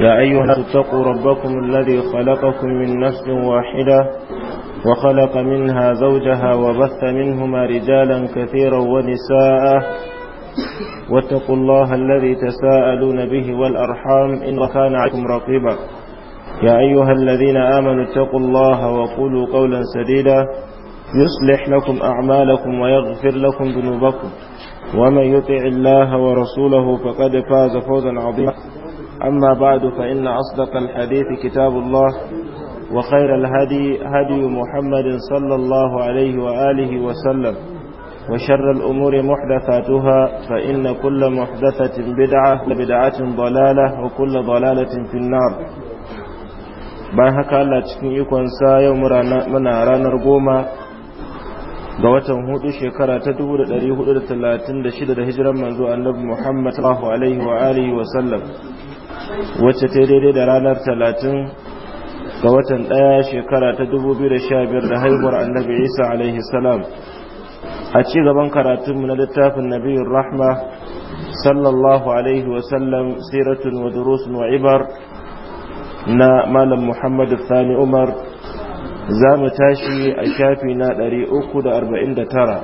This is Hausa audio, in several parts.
يا أيها اتقوا ربكم الذي خلقكم من نفس واحدة وخلق منها زوجها وبث منهما رجالا كثيرا ونساء واتقوا الله الذي تساءلون به والأرحام إن كان عليكم رقيبا يا أيها الذين آمنوا اتقوا الله وقولوا قولا سديدا يصلح لكم أعمالكم ويغفر لكم ذنوبكم ومن يطع الله ورسوله فقد فاز فوزا عظيما أما بعد فإن أصدق الحديث كتاب الله وخير الهدي هدي محمد صلى الله عليه وآله وسلم وشر الأمور محدثاتها فإن كل محدثة بدعة وبدعة ضلالة وكل ضلالة في النار bayan haka Allah cikin sa yau muna ranar goma ga watan hudu shekara ta 1436 da hijiran manzo annabi Muhammad sallallahu alaihi wa alihi wa sallam wacce ta daidai da ranar talatin ga watan ɗaya shekara ta dubu da haihuwar annabi isa alaihi salam a ci gaban karatunmu na littafin nabiyun rahma sallallahu alaihi wasallam siratun wa durusun wa ibar na malam muhammadu Sani umar za mu tashi a shafi na ɗari tara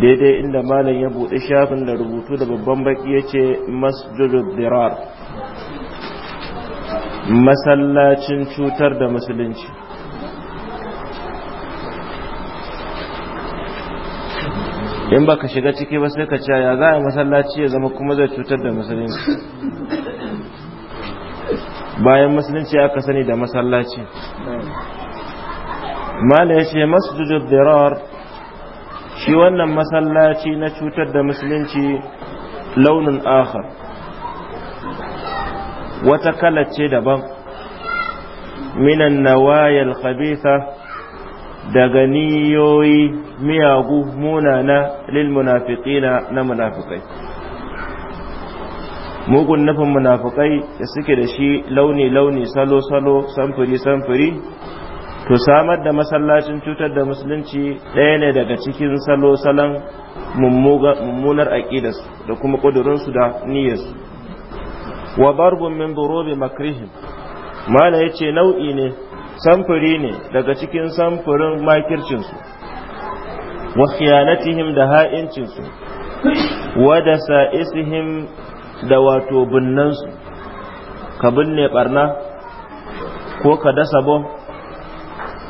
daidai inda malam ya buɗe shafin da rubutu da babban baki ya ce masjidul dirar masallacin cutar da musulunci in ba ka shiga ciki ba sai ka ce ya za a masallaci ya zama kuma zai cutar da musulunci bayan musulunci aka sani da masallaci mala ya ce masjidul dirar shi wannan masallaci na cutar da musulunci launin akhar wata kala ce daban minan nawayal khabitha daga niyoyi miyagu munana lil munafiqina na munafiqai mugun nufin munafuƙai, da suke da shi launi-launi salo-salo samfuri-samfuri to samar da masallacin cutar da musulunci ɗaya ne daga cikin salo-salon mummunar aƙidas da kuma ƙudurinsu da niyyarsu wa barbun min burobi makrihim mala ya ce nau'i ne samfuri ne daga cikin samfurin makircinsu wa khiyanatihim da ha'incinsu wa da sa'isihim da wato binnansu ka binne barna ko ka dasa bom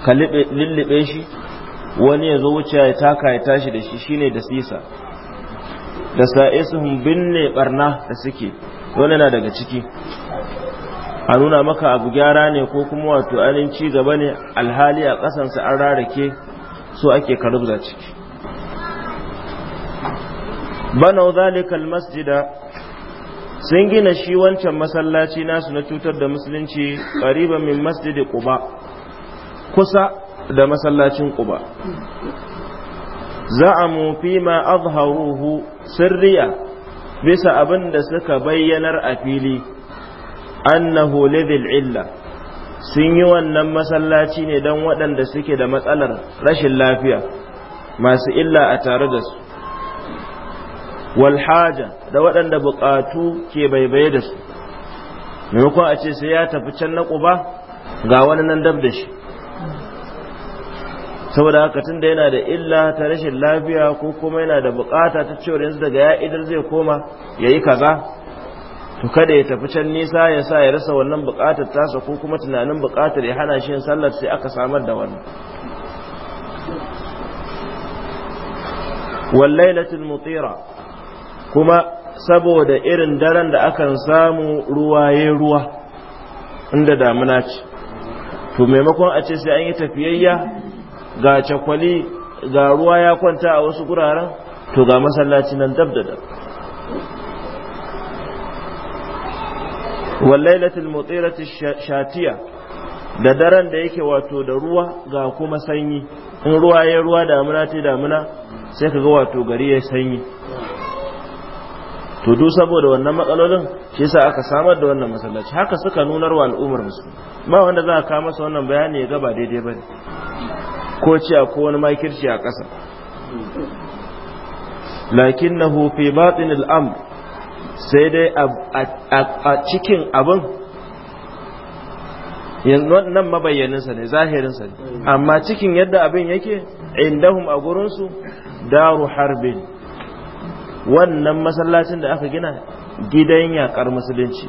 ka lullube shi wani ya zo wuce ya taka ya tashi da shi shine da sisa da sa'isihim binne barna da suke wani na daga ciki a nuna maka abu gyara ne ko kuma wato ainihin ci gaba ne alhali a ƙasansa an rarake so ake karubza ciki banau zalikal masjida sun gina shi wancan masallaci nasu na cutar da musulunci ƙariban min masjidi ƙuba kusa da masallacin ƙuba za a mufi ma azharuhu sirriya bisa abin da suka bayyanar a fili annahu lidil illa sun yi wannan masallaci ne don waɗanda suke da matsalar rashin lafiya masu illa a tare da su walhaja da waɗanda buƙatu ke baibaye da su maimakon a ce sai ya tafi can na ƙuba ga wani nan dab da shi saboda haka tunda yana da illa ta rashin lafiya ko kuma yana da bukata ta cewa yanzu daga ya idan zai koma ya yi kaza to kada ya tafi can nisa ya sa ya rasa wannan bukatar tasa ko kuma tunanin bukatar ya hana shi yin sallar sai aka samar da wannan wallailatul mutira kuma saboda irin daren da akan samu ruwa ya ruwa inda damuna ce to maimakon a ce sai an yi tafiyayya ga cakwali ga ruwa ya kwanta a wasu guraren to ga masallaci nan dab da dab wallailatul mutirati shatiya da daren da yake wato da ruwa ga kuma sanyi in ruwa ya ruwa damuna ta damuna sai ka ga wato gari ya sanyi to duk saboda wannan matsalolin shi yasa aka samar da wannan masallaci haka suka nunar wa al'ummar musu ba wanda za ka masa wannan bayani ya gaba daidai bane ko a ko wani makirci a ƙasa lakin na hufi batin al'am sai dai a cikin abin nan mabayyaninsa ne zahirinsa ne amma cikin yadda abin yake indahum a gurinsu daru harbin wannan masallacin da aka gina gidan yaƙar musulunci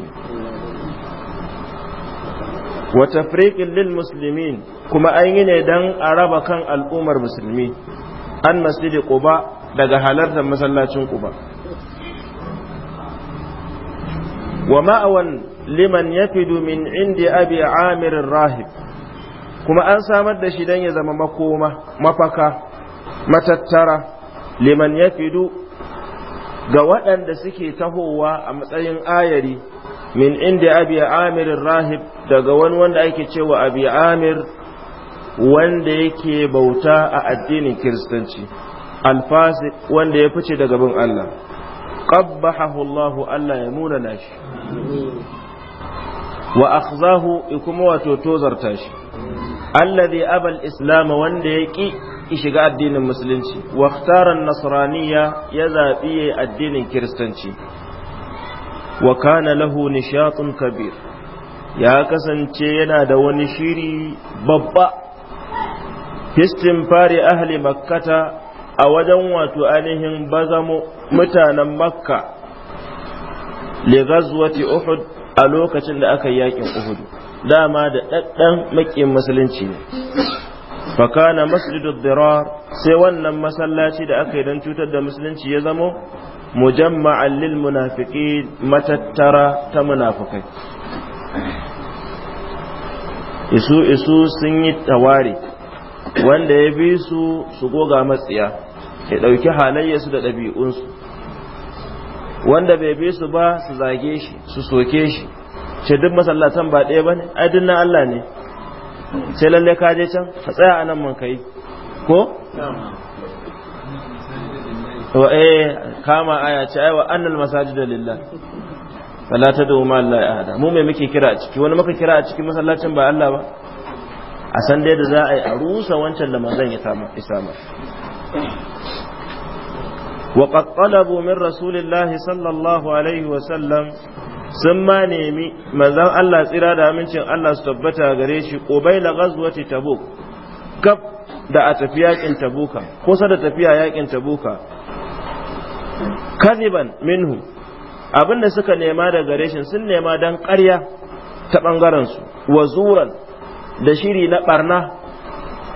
Wata firikin lil musulmin. kuma an yi ne don a raba kan al'ummar musulmi an masjidi quba daga halartar masallacin quba wa ma'awan liman ya yafidu min ya abi amirin rahib kuma an samar da shi don ya zama makoma mafaka matattara liman ya yafidu ga waɗanda suke tahowa a matsayin ayari min inda abi amirin rahib daga wani wanda ake cewa abi amir wanda yake bauta a addinin kiristanci alfasik wanda ya fice daga bin Allah qabbahahu Allah Allah ya muna nashi wa akhzahu kuma wato tozarta shi alladhi abal islam wanda ya ki shiga addinin musulunci wa ikhtara nasraniya ya zabi addinin kiristanci wa kana lahu nishatun kabir ya kasance yana da wani shiri babba istinfari ahli makkata a wajen wato ainihin bazamo mutanen makka legas wati uhud a lokacin da aka yi yakin uhud dama da ɗaɗɗan makin musulunci ne faka na masjidul dirar sai wannan masallaci da aka yi don cutar da musulunci ya zamo mujamma'an lil munafiqin matattara ta munafukai. isu isu sun yi tawari wanda ya bi su su goga matsiya ya ɗauki halayyarsu da ɗabi'unsu wanda bai bi su ba su zage shi su soke shi ce duk masallatan ba ɗaya ba ne ai duk na Allah ne sai lalle ka je can ka tsaya a nan man kai ko wa eh kama aya ce ai wa annal masajida lillah fala tad'u ma Allah hada. mu mai muke kira a ciki wani muka kira a cikin masallacin ba Allah ba a san dai da za a yi a rusa wancan da manzon ya samu وقد طلبوا من رسول الله sallallahu alaihi wa sallam sun ma nemi manzan Allah tsira da amincin Allah su tabbata gare shi ƙobai la ghazwati tabuk kab da a tafi yakin tabuka kusa da tafiya yakin tabuka kaziban minhu abinda suka nema da gare shi sun nema dan ƙarya ta bangaren su wa zuran da shiri na barna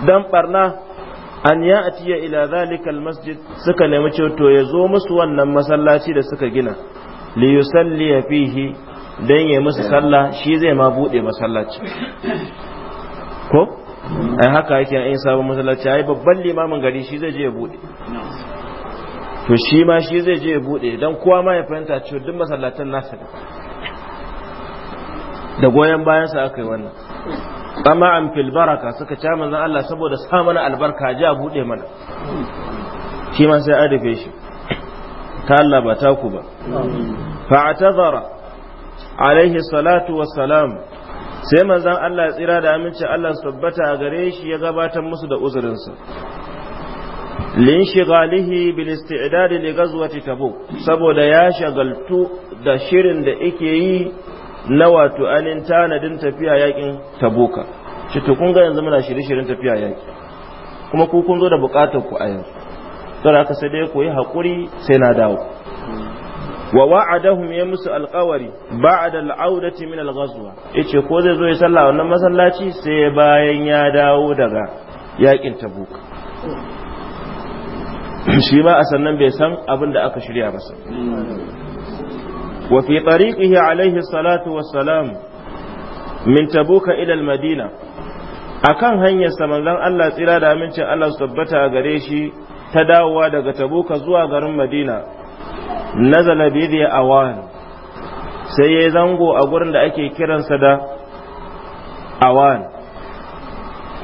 dan barna an ya atiya ila zalikal masjid suka nemi ceto ya zo musu wannan masallaci da suka gina li yusalli fihi dan ya musu sallah shi zai ma bude masallaci ko ai haka yake in sabon masallaci ai babban limamin gari shi zai je ya bude to shi ma shi zai je ya bude dan kowa ma ya fahimta cewa duk masallatan nasa da goyon sa aka yi wannan an fil baraka suka ca manzon Allah saboda sa mana albarka ji a bude mana shi ma sai an shi ta Allah ba taku ba fa'atazara alaihi salatu wassalam sai manzon Allah ya tsira da aminci Allah su tabbata a gare shi ya gabatar musu da uzurin lin linshigalihi bil isti'dad li ghazwati tabuk saboda ya shagaltu da shirin da yake yi na wato anin tanadin tafiya yakin tabuka to kun ga yanzu muna shirye-shiryen tafiya yaki kuma ku kun zo da bukatar ku a yanzu don haka sai dai ku yi haƙuri sai na dawo wa wa'adahum ya musu alƙawari ba'da al'audati min al-ghazwa yace ko zai zo ya sallah wannan masallaci sai bayan ya dawo daga yakin tabuka shi ma a sannan bai san abin da aka shirya masa. وفي طريقه عليه الصلاة والسلام ilal تبوك إلى المدينة akan hanyarsa manzan Allah tsira da amincin Allah su tabbata a gare shi ta dawowa daga Tabuka zuwa garin Madina nazala bi awan sai ya zango a gurin da ake kiransa da awan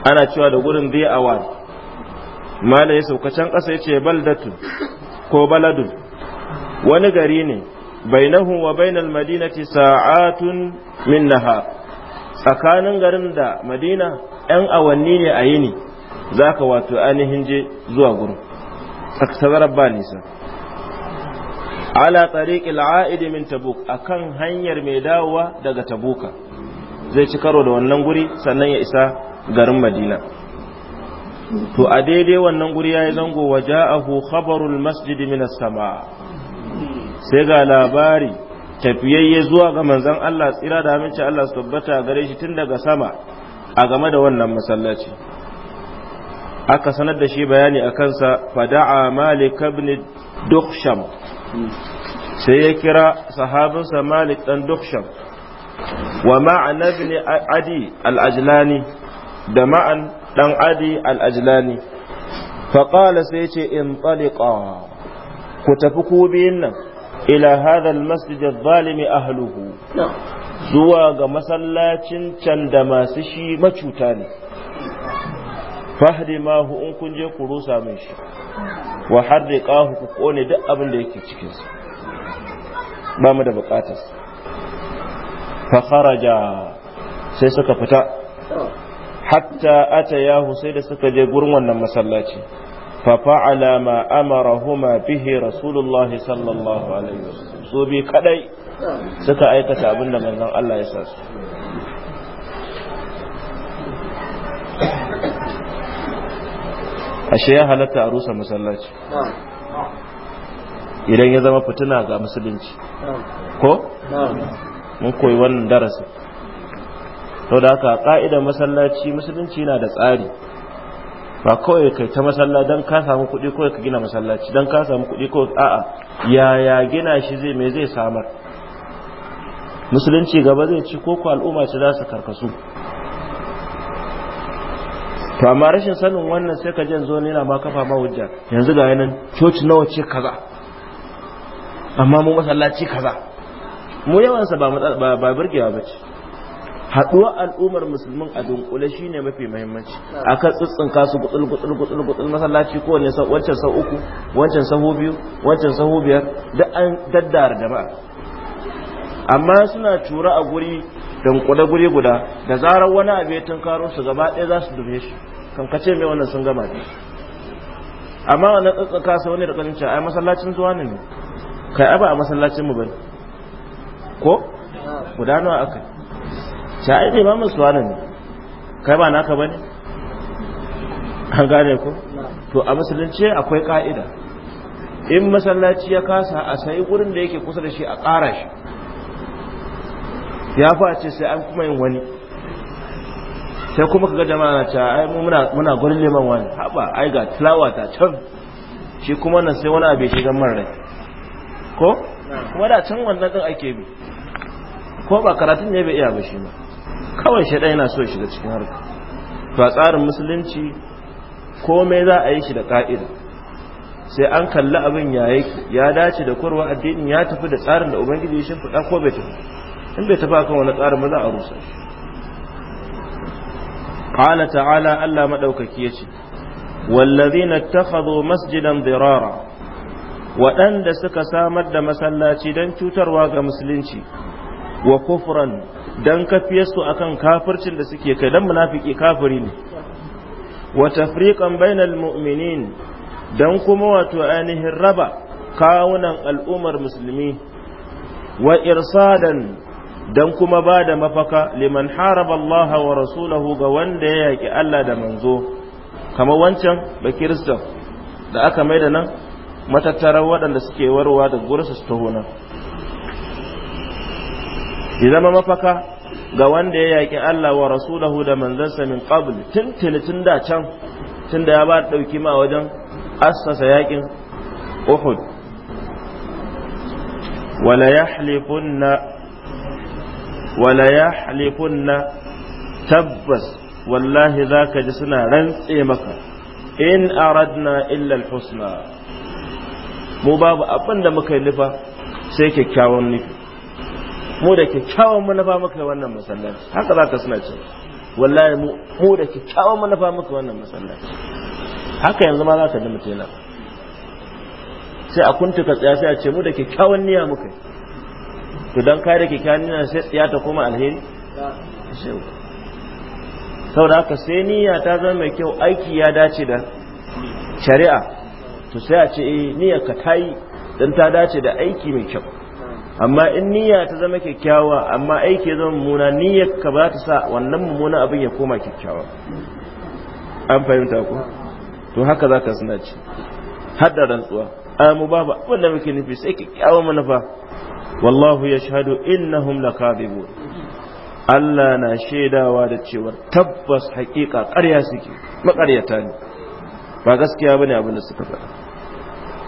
ana cewa da gurin bi awan mala ya sauka can ƙasa ya ce baldatu ko baladu wani gari ne bainahu wa bainal madinati sa'atun min tsakanin garin da madina yan awanni ne a yini zaka wato ainihin je zuwa gurin tsaksarar ba nisa ala tariqil a'id min tabuk akan hanyar mai dawowa daga tabuka zai ci karo da wannan guri sannan ya isa garin madina to a daidai wannan guri yi zango waja'ahu khabarul masjid min as-sama' sai ga labari tafiyayye zuwa ga manzon Allah tsira da aminci Allah su tabbata gare shi tun daga sama a game da wannan masallaci aka sanar da shi bayani a kansa fada'a malik ibn duksham sai ya kira sahabinsa malik dan duksham wa ma'an ibn adi al-ajlani da ma'an dan adi al-ajlani faqala sai ya ce in taliqa ku tafi ku biyin nan ila hadha masjid adh ahluhu zuwa ga masallacin can da masu shi macuta ne fahdimahu in kun je ku rusa min shi wa harriqahu ku kone duk abin da yake cikin sa ba mu da bukatar fa kharaja sai suka fita hatta atayahu sai da suka je gurin wannan masallaci fafa'ala ma amarahuma bihi rasulullahi sallallahu alaihi wasallam so bi kadai suka aikata abinda da manzon Allah ya sa su ashe ya halatta a rusa masallaci idan ya zama fituna ga musulunci ko mun koyi wannan darasi to da haka ka'idar masallaci musulunci na da tsari ba kawai kai ta masalla don ka samu kuɗi kawai ka gina masallaci don ka samu kuɗi kawai a'a yaya gina shi zai me zai samar musulunci gaba zai ci ko ku al'umma ci za su karkasu to amma rashin sanin wannan sai ka jan zo ne na ma kafa ma hujja yanzu ga yanan coci nawa ce kaza amma mu masallaci kaza mu yawansa ba ba ce bace haɗuwar al'ummar musulmin a dunkule shine mafi muhimmanci a kan tsitsin kasu gutsul gutsul gutsul masallaci ko wancan sau uku wancan sau biyu wancan sau biyar da an daddara jama'a amma suna tura a guri dunkule guri guda da zarar wani abu ya tunkaro su gaba ɗaya za su dume shi kankace mai wannan sun gama ne amma wannan tsitsin kasu wani da kanin cewa ai masallacin zuwa ne kai aba a masallacin mu bane ko guda nawa akai ce ai ba masu wani ne kai ba naka ba ne an gane ku to a musulunci akwai ka'ida in masallaci ya kasa a sai wurin da yake kusa da shi a ƙara shi ya face sai an kuma yin wani sai kuma kaga jama'a na ce ai muna muna gurin neman wani haba ai ga tilawa ta can shi kuma nan sai wani abu ya shiga man rai ko kuma da can wannan din ake bi ko ba karatun ne bai iya ba shi ba kawai shaɗa yana so shiga cikin harka to a tsarin musulunci komai za a yi shi da ƙa'ida sai an kalli abin ya yake ya dace da korwa addinin ya tafi da tsarin da ubangiji ya shimfiɗa ko bai tafi in bai tafi akan wani tsarin ba za a rusa shi qala ta'ala Allah madaukaki yace wallazina ittakhadhu masjidan dirara waɗanda suka samar da masallaci don cutarwa ga musulunci wa dan kafiyarsu akan kafircin da suke kai dan munafiki kafiri ne wa tafriqan bainal mu'minin dan kuma wato ainihin raba kawunan al'ummar musulmi wa irsadan dan kuma ba da mafaka liman haraba Allah wa rasulahu ga wanda ya yaki Allah da manzo Kamar wancan ba da aka mai da nan matattarar waɗanda suke warwa da gursu ta hona ya zama mafaka ga wanda ya yaƙi Allah wa rasulahu da manzansa min qabl tun tun da can tun da ya ba da ɗauki ma wajen assasa yaƙin Uhud wala yahlifunna wala yahlifunna tabbas wallahi zaka ji suna rantse maka in aradna illa husna. mu babu abin da muka yi nufa sai kyakkyawan nufi mu da kyakkyawan manufa muka wannan masallaci haka za ka suna cewa wallahi mu da kyakkyawan manufa muka wannan masallaci haka yanzu ma za ka da mutuna sai a kuntuka tsaya sai a ce mu da kyakkyawan niyya muka to dan kai da kyakkyawan niyya sai tsaya ta koma alheri da haka sai niyya ta zama mai kyau aiki ya dace da shari'a to sai a ce eh niyyar ka ta yi don ta dace da aiki mai kyau amma in niyya ta zama kyakkyawa amma aiki ya zama mummuna niyyar ka ba ta sa wannan mummuna abin ya koma kyakkyawa an fahimta ku? to haka za ka suna ci har da rantsuwa mu ba ba da muke nufi sai kyakkyawa manufa wallahu ya shahadu innahum lakadibun Allah na shaidawa da cewa tabbas haƙiƙa ƙarya suke maƙaryata ne ba gaskiya bane abin da suka faɗa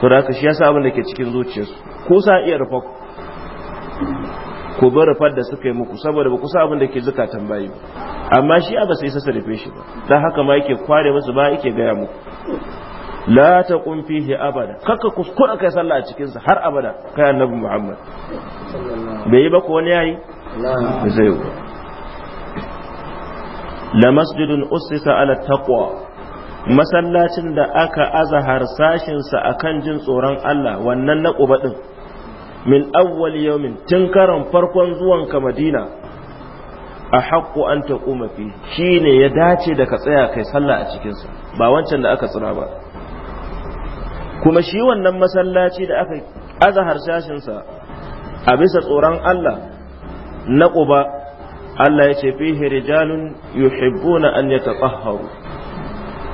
to da haka shi yasa abin da ke cikin zuciyarsu ko sa iya rufa ku bar fadda da suka yi muku saboda ba ku sa abin da ke zukatan bayi amma shi a ba sai sassa rufe shi ba dan haka ma yake kware musu ba yake gaya muku la taqum fihi abada kakka kuskura kai sallah a cikin sa har abada kai annabi Muhammad bai yi ba ko wani yayi zai yi la masjidun ussisa ala taqwa masallacin da aka sashin sa akan jin tsoron Allah wannan na ƙuba ɗin min awwal yawmin tun karan farkon zuwanka madina a haƙƙo an ta fi shi ne ya dace da ka tsaya kai sallah a cikinsa ba wancan da aka tsira ba kuma shi wannan masallaci da aka aza harsashinsa a bisa tsoron Allah na ƙuba Allah ya ce fihi rijalun yuhibbuna an yataqahharu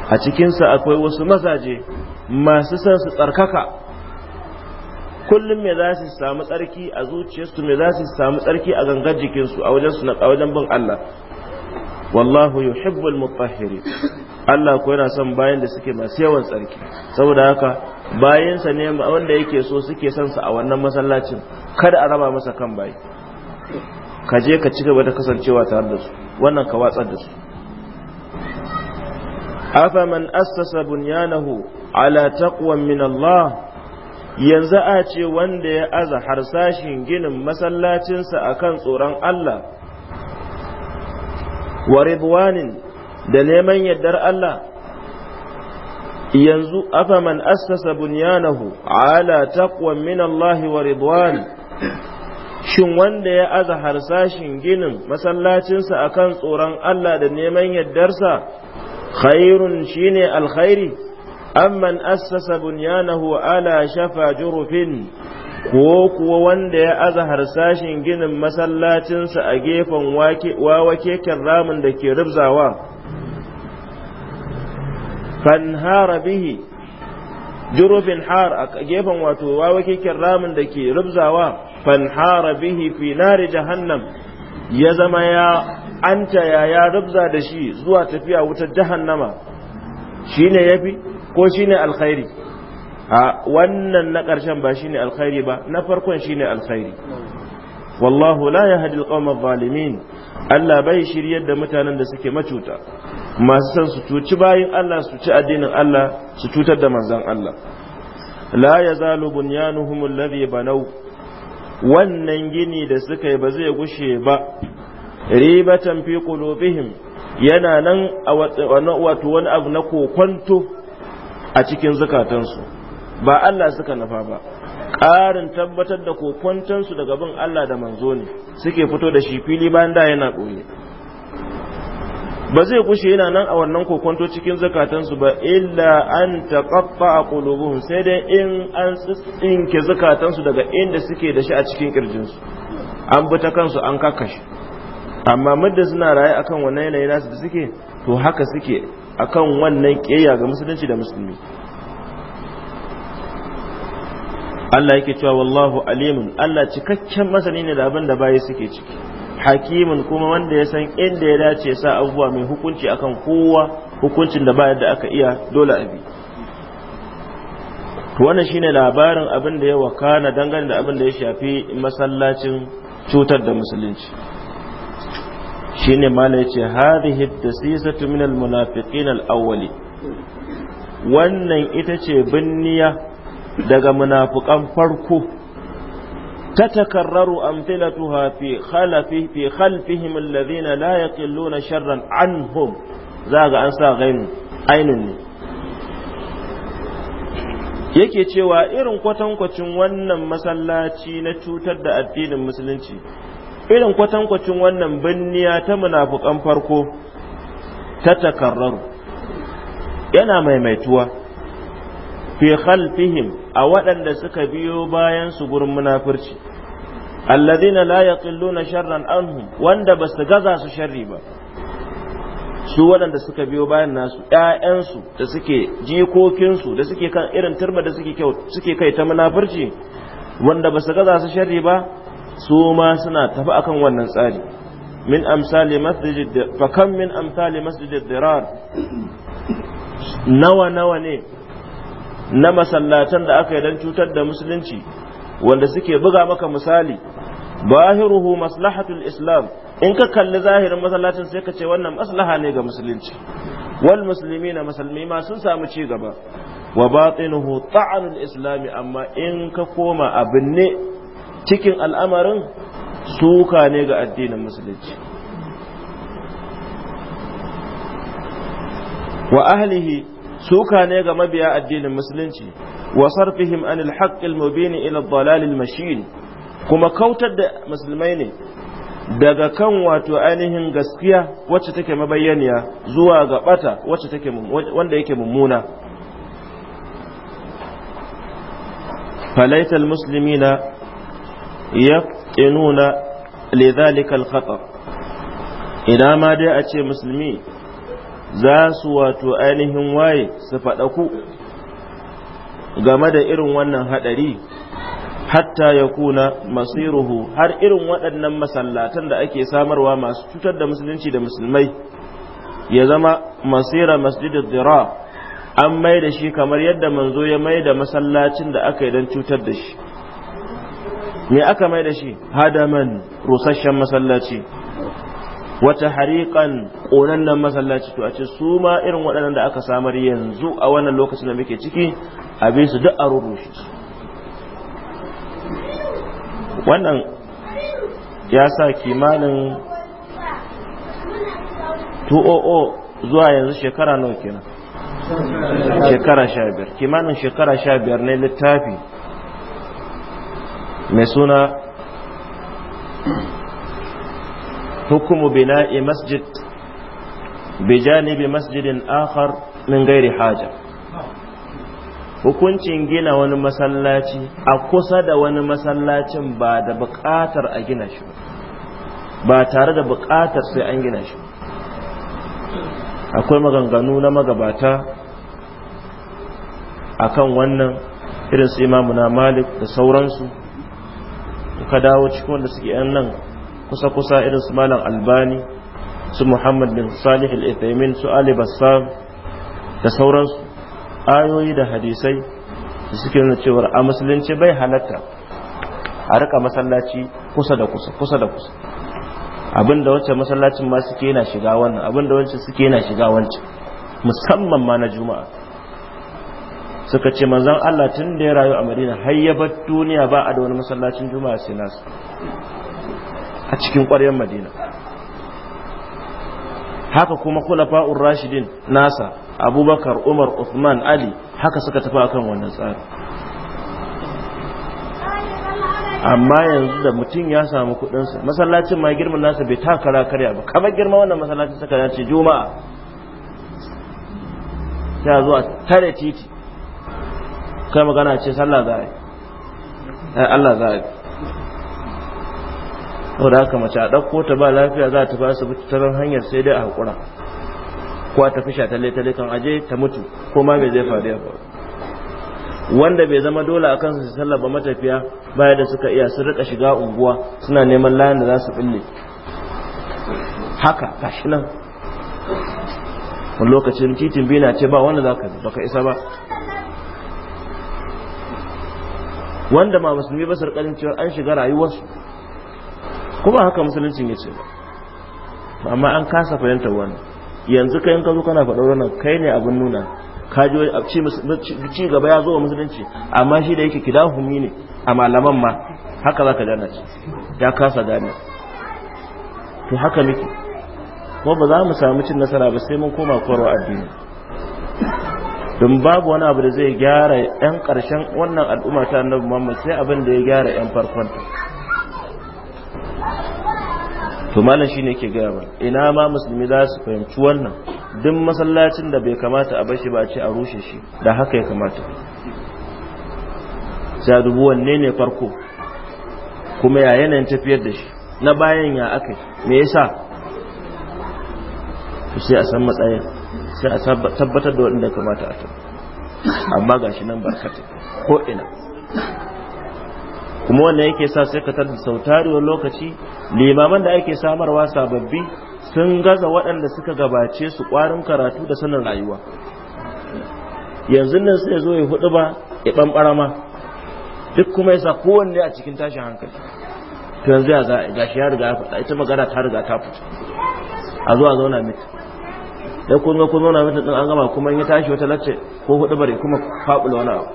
a cikinsa akwai wasu mazaje masu son su tsarkaka kullum me za su samu tsarki a zuciyarsu me za su samu tsarki a gangar jikinsu a wajen na wajen bin Allah wallahu yuhibbul mutahhirin Allah ko yana son bayan da suke masu yawan tsarki saboda haka bayansa ne wanda yake so suke son sa a wannan masallacin kada a raba masa kan bayi ka je ka ci gaba da kasancewa tare da su wannan ka watsar da su afaman assasa bunyanahu ala taqwa min Allah yanzu a ce wanda ya aza harsashin ginin masallacinsa akan tsoron Allah wa ridwanin da neman yardar Allah yanzu afaman assasa bunyanahu ala taqwa min Allah wa ridwan shin wanda ya aza harsashin ginin masallacinsa akan tsoron Allah da neman yardarsa khairun shine alkhairi amman assasa bunyanahu ala shafa jurufin ko kuwa wanda ya aza harsashin ginin masallacinsa a gefen wawake ramin da ke rubzawa fanhara bihi jurufin har a gefen wato wawake ramin da ke rubzawa fanhara bihi fi nari jahannam ya zama ya anta ya rubza da shi zuwa tafiya wutar jahannama Shi ne ya fi. ko shine alkhairi a wannan na ƙarshen ba shine alkhairi ba na farkon shine alkhairi wallahu la yahdi alqawma adh-dhalimin Allah bai shiryar da mutanen da suke macuta masu san su tuci bayin Allah su ci addinin Allah su cutar da manzon Allah la yazalu bunyanuhum alladhi banaw wannan gini da suka yi ba zai gushe ba ribatan fi qulubihim yana nan a wato wani abu na kokwanto a cikin zukatansu ba Allah suka nafa ba ƙarin tabbatar da kokwantansu daga bin Allah da manzo ne suke fito da shi fili bayan da yana ɓoye ba zai kushe yana nan a wannan kokwanto cikin zakatansu ba illa an taqaffa qulubuhum sai dai in an tsinke zakatansu daga inda suke da shi a cikin ƙirjinsu an bi ta kansu an kakashe amma muddin suna raye akan wannan yanayi nasu da suke to haka suke akan wannan kiyayya ga musulunci da musulmi Allah yake cewa wallahu alimun Allah cikakken masani ne da abin da bayi suke ciki hakimin kuma wanda ya san inda ya dace sa abubuwa mai hukunci akan kowa hukuncin da ba da aka iya dole abi to wannan shine labarin abin da ya wakana dangane da abin da ya shafi masallacin cutar da musulunci shine Malam yace hadhihi tasisatu min almunafiqin alawwali wannan ita ce binniya daga munafukan farko fi أمثلتها في خلفه في خلفهم الذين لا يقلون شرا عنهم زاغ أنسى غين ne? yake cewa irin kwatankwacin wannan masallaci na cutar da addinin musulunci irin kwatankwacin wannan binniya ta munafukan farko ta takarraru yana maimaituwa fi khalfihim a waɗanda suka biyo bayan su gurin munafurci alladhina la yaqilluna sharran anhum wanda basu gaza su sharri ba su waɗanda suka biyo bayan nasu ƴaƴansu da suke jikokinsu da suke kan irin turba da suke kai ta munafurci wanda basu gaza su sharri ba su ma suna tafi akan wannan tsari min amsali masjid fa kam min amsali masjid dirar nawa nawa ne na masallatan da aka yi don cutar da musulunci wanda suke buga maka misali bahiruhu maslahatul islam in ka kalli zahirin masallacin sai ka ce wannan maslaha ne ga musulunci wal musulmi na musulmi ma sun samu ci gaba wa batinuhu ta'anul islami amma in ka koma abin ne cikin al'amarin suka ne ga addinin musulunci wa ahlihi suka ne ga mabiya addinin musulunci wa sarfihim anil haqqil mubini ila dalalil mashin kuma kautar da musulmai ne daga kan wato ainihin gaskiya wacce take mabayyaniya zuwa ga bata wacce take wanda yake mummuna falaital muslimina yaqinuna lidhalika al-khatar idan ma dai a ce musulmi za su wato ainihin waye su faɗaku game da irin wannan haɗari hatta ya kuna masiruhu har irin waɗannan masallatan da ake samarwa masu cutar da musulunci da musulmai ya zama masira masjidin dira an mai da shi kamar yadda manzo ya mai da masallacin da aka yi don cutar da shi me aka mai da shi hadaman rusasshen masallaci wata hariƙan ƙonannen masallaci to a ce su ma irin waɗannan da aka samar yanzu a wannan lokacin da muke ciki a bi su duk a rurrushe wannan ya sa kimanin O oh oh zuwa yanzu shekara nawa kenan shekara sha biyar kimanin shekara sha biyar ne littafi mai suna hukumu bina'i masjid bi janibi masjidin akhar min gairi haja hukuncin gina wani masallaci a kusa da wani masallacin ba da buƙatar a gina shi ba tare da buƙatar sai an gina shi akwai maganganu na magabata akan wannan irin su na malik da sauransu ka dawo cikin wanda suke yan nan kusa kusa irin su malam albani su muhammad bin salih al-ithaimin su ali bassam da sauransu ayoyi da hadisai da suke nuna cewar a musulunci bai halatta a rika masallaci kusa da kusa kusa da kusa abinda wacce masallacin ma suke yana shiga wannan abinda wacce suke yana shiga wancan musamman ma na juma'a suka ce manzan Allah tun da ya rayu a Madina har duniya ba a da wani masallacin juma'a sai nasu a cikin ƙwaryar Madina haka kuma khulafa'ur rashidin nasa Abubakar Umar Usman Ali haka suka tafi akan wannan tsari amma yanzu da mutum ya samu kudinsa masallacin ma girman nasa bai takara karya ba kamar girma wannan masallacin suka ya ce juma'a ya zuwa tare titi kai magana ce sallah za a yi eh, Allah za a yi to da haka mace a ɗauko ta ba lafiya za ta fasa taron hanyar sai dai a haƙura ko a tafi ta tale kan aje ta mutu ko ma bai zai faru ya wanda bai zama dole a kansu su sallah ba matafiya baya da suka iya sun rika shiga unguwa suna neman layin da za su bille haka gashi nan wani lokacin titin bina ce ba wanda za ka baka isa ba wanda ma musulmi ba sarƙarin cewa an shiga rayuwarsu kuma haka musuluncin ya ce ba amma an kasa fahimtar wani yanzu kai ka zo kana faɗa wannan kai ne abin nuna ka ji ci gaba ya zo wa musulunci amma shi da yake kidahumi ne a malaman ma haka za ka gane ci ya kasa gane to haka muke ko ba za mu samu cin nasara ba sai mun koma kwarwa addini don babu wani abu da zai gyara yan karshen wannan al'umma ta annabi Muhammad sai abin da ya gyara yan farkon ta to malam shine yake gaya ba ina ma musulmi za su fahimci wannan duk masallacin da bai kamata a bar shi ba ce a rushe shi da haka ya kamata sai dubu wanne ne farko kuma ya yanayin tafiyar da shi na bayan ya aka me yasa sai a san matsayin sai a tabbatar da waɗanda kamata a tabbatar amma ga shi nan barkata ko ina kuma wanda yake sa sai ka tarda sau tarewar lokaci limaman da ake samarwa sababbi sun gaza waɗanda suka gabace su ƙwarin karatu da sanin rayuwa yanzu nan sai zo ya hudu ba ya ɓanɓara ma duk kuma sa kowanne a cikin tashin hankali to yanzu ya za gashi ya riga ya faɗa ita magana ta riga ta fita a zuwa zauna mita da kun zo kun zo na mutum din an gama kuma in ya tashi wata lacce ko hudu bare kuma faɓula wani abu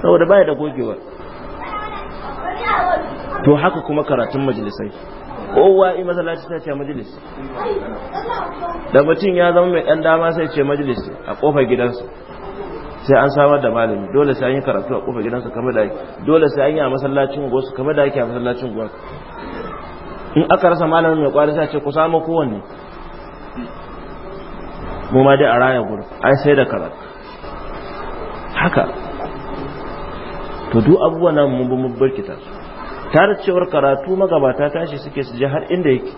saboda baya da gogewa to haka kuma karatun majalisai kowa in masallaci sai ce majalis da mutum ya zama mai ɗan dama sai ce majalis a kofar gidansa sai an samar da malami dole sai an yi karatu a kofar gidansa kamar da dole sai an yi a masallacin gosu kamar da ake a masallacin gwa in aka rasa malamin mai kwari sai ce ku samu kowanne mu ma dai a raya gudu ai sai da karatu haka to duk abubuwan nan mun mun barkita su tare cewar karatu magabata tashi suke su je har inda yake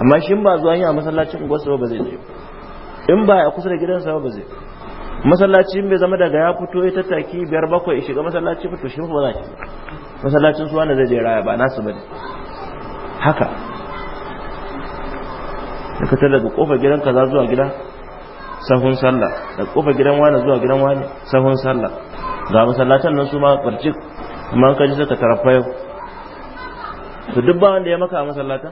amma shin ba zuwa yi a masallacin unguwarsa ba zai je in ba a kusa da gidansa ba zai masallaci bai zama daga ya fito ya tattaki biyar bakwai ya shiga masallaci fito shi ba za ki masallacin su wanda zai je raya ba nasu bane haka da ka daga kofar ka za zuwa gida sahun sallah da kofa gidan wani zuwa gidan wani sahun sallah ga masallatan nan su ma barci amma ka ji saka tarafa to duk ba wanda ya maka a masallata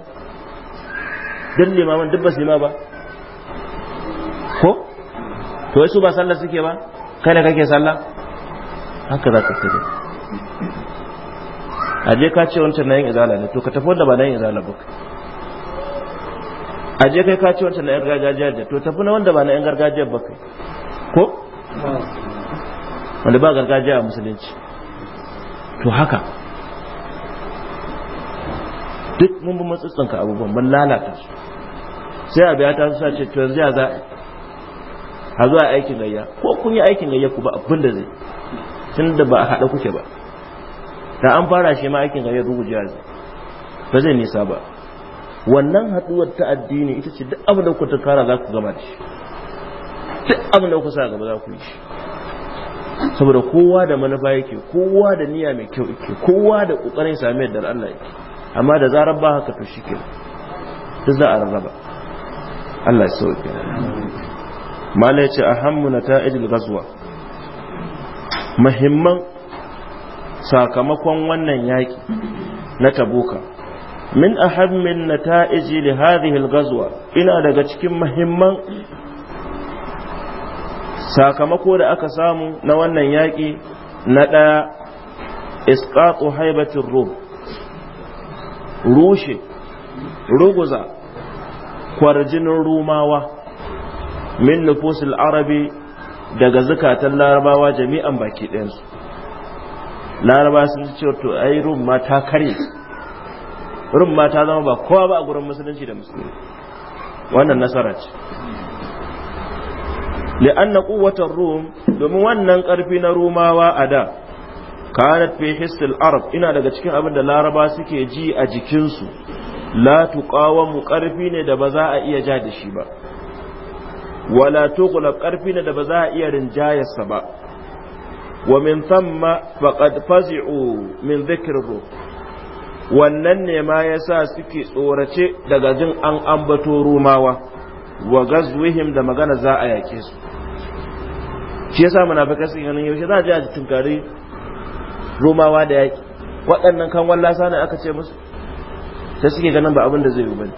duk limaman duk ba su ma ba ko to su ba sallah suke ba kai ne kake sallah haka za ka tafi a je ka ce wancan na yin izala ne to ka tafi wanda ba nan yin izala ba a je kai ka ci wancan na yan gargajiya da to tafi na wanda ba na yan gargajiya ba kai ko wanda ba gargajiya a musulunci to haka duk mun bi matsatsanka abubuwan mun lalata su sai a biya ta su sace to yanzu ya za a zuwa aikin gayya ko kun yi aikin gayya ku ba abin da zai tun da ba a haɗa kuke ba da an fara shi ma aikin gayya rugujiya ba zai nisa ba wannan haduwar ta addini ita ce duk abin da kuka kara za ku gama da shi duk abin da kuka sa gaba za ku yi shi saboda kowa da manufa yake kowa da niyya mai kyau yake kowa da kokarin sami yadda Allah yake amma da zarar ba haka to shi kenan duk za a rarraba Allah ya sauke mala yace ahammu nata'ijil ghazwa muhimman sakamakon wannan yaki na tabuka min ahammin nata'iji li hadhihi al-ghazwa ina daga cikin muhimman sakamako da aka samu na wannan yaƙi na ɗaya isqatu haibatin rum rushe ruguza kwarjinin rumawa min nufusul arabi daga zukatan larabawa jami'an baki ɗayansu larabawa sun ci cewa to ai rum ma karye rum ba ta zama ba kowa ba a gurin musulunci da musulmi wannan nasara ce anna quwwatar rum domin wannan karfi na rumawa a da kanat fi hissil arab ina daga cikin abin da laraba suke ji a jikinsu la mu karfi ne da ba za a iya ja da shi ba wala tuqlab karfi ne da ba za a iya rinjayarsa ba wa min thamma faqad fazi'u min dhikri wannan ne ma ya sa suke tsorace daga jin an ambato rumawa wa gazwihim da magana za a yake su shi yasa munafikai sun ganin yaushe za a ji a tunkari rumawa da yaƙi waɗannan kan wallasa ne aka ce musu sai suke ganin ba abin da zai yi bane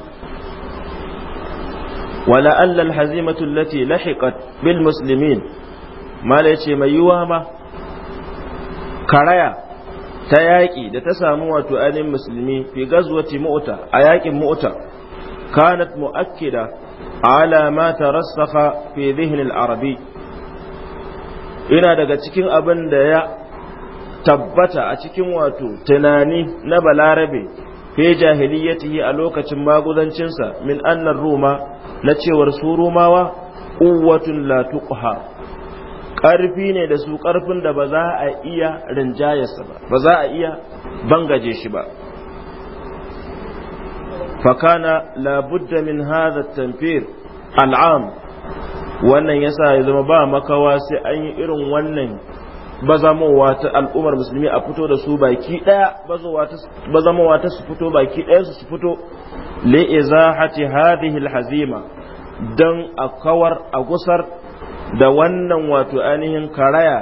wala allal hazimatu allati lahiqat bil muslimin mala yace mai yuwa ma karaya ta yaƙi da ta samu wato ainihin musulmi fi gazwati mu'ta a yaƙin mu'ta kanat mu'akkida ala ma tarassakha fi dhihn al-arabi ina daga cikin abin da ya tabbata a cikin wato tunani na balarabe fi jahiliyyatihi a lokacin maguzancinsa min annar ruma na cewar su rumawa quwwatun la tuqha ƙarfi ne da su ƙarfin da ba za a iya rinjayarsa ba ba za a iya bangaje shi ba fakana labudda min hada tamfir al'am wannan yasa ya zama ba makawa sai an yi irin wannan bazamowa ta al'ummar musulmi a fito da su baki daya bazamowa ta su fito baki daya su fito li izahati hadhihi al-hazima dan a kawar a gusar da wannan wato ainihin karaya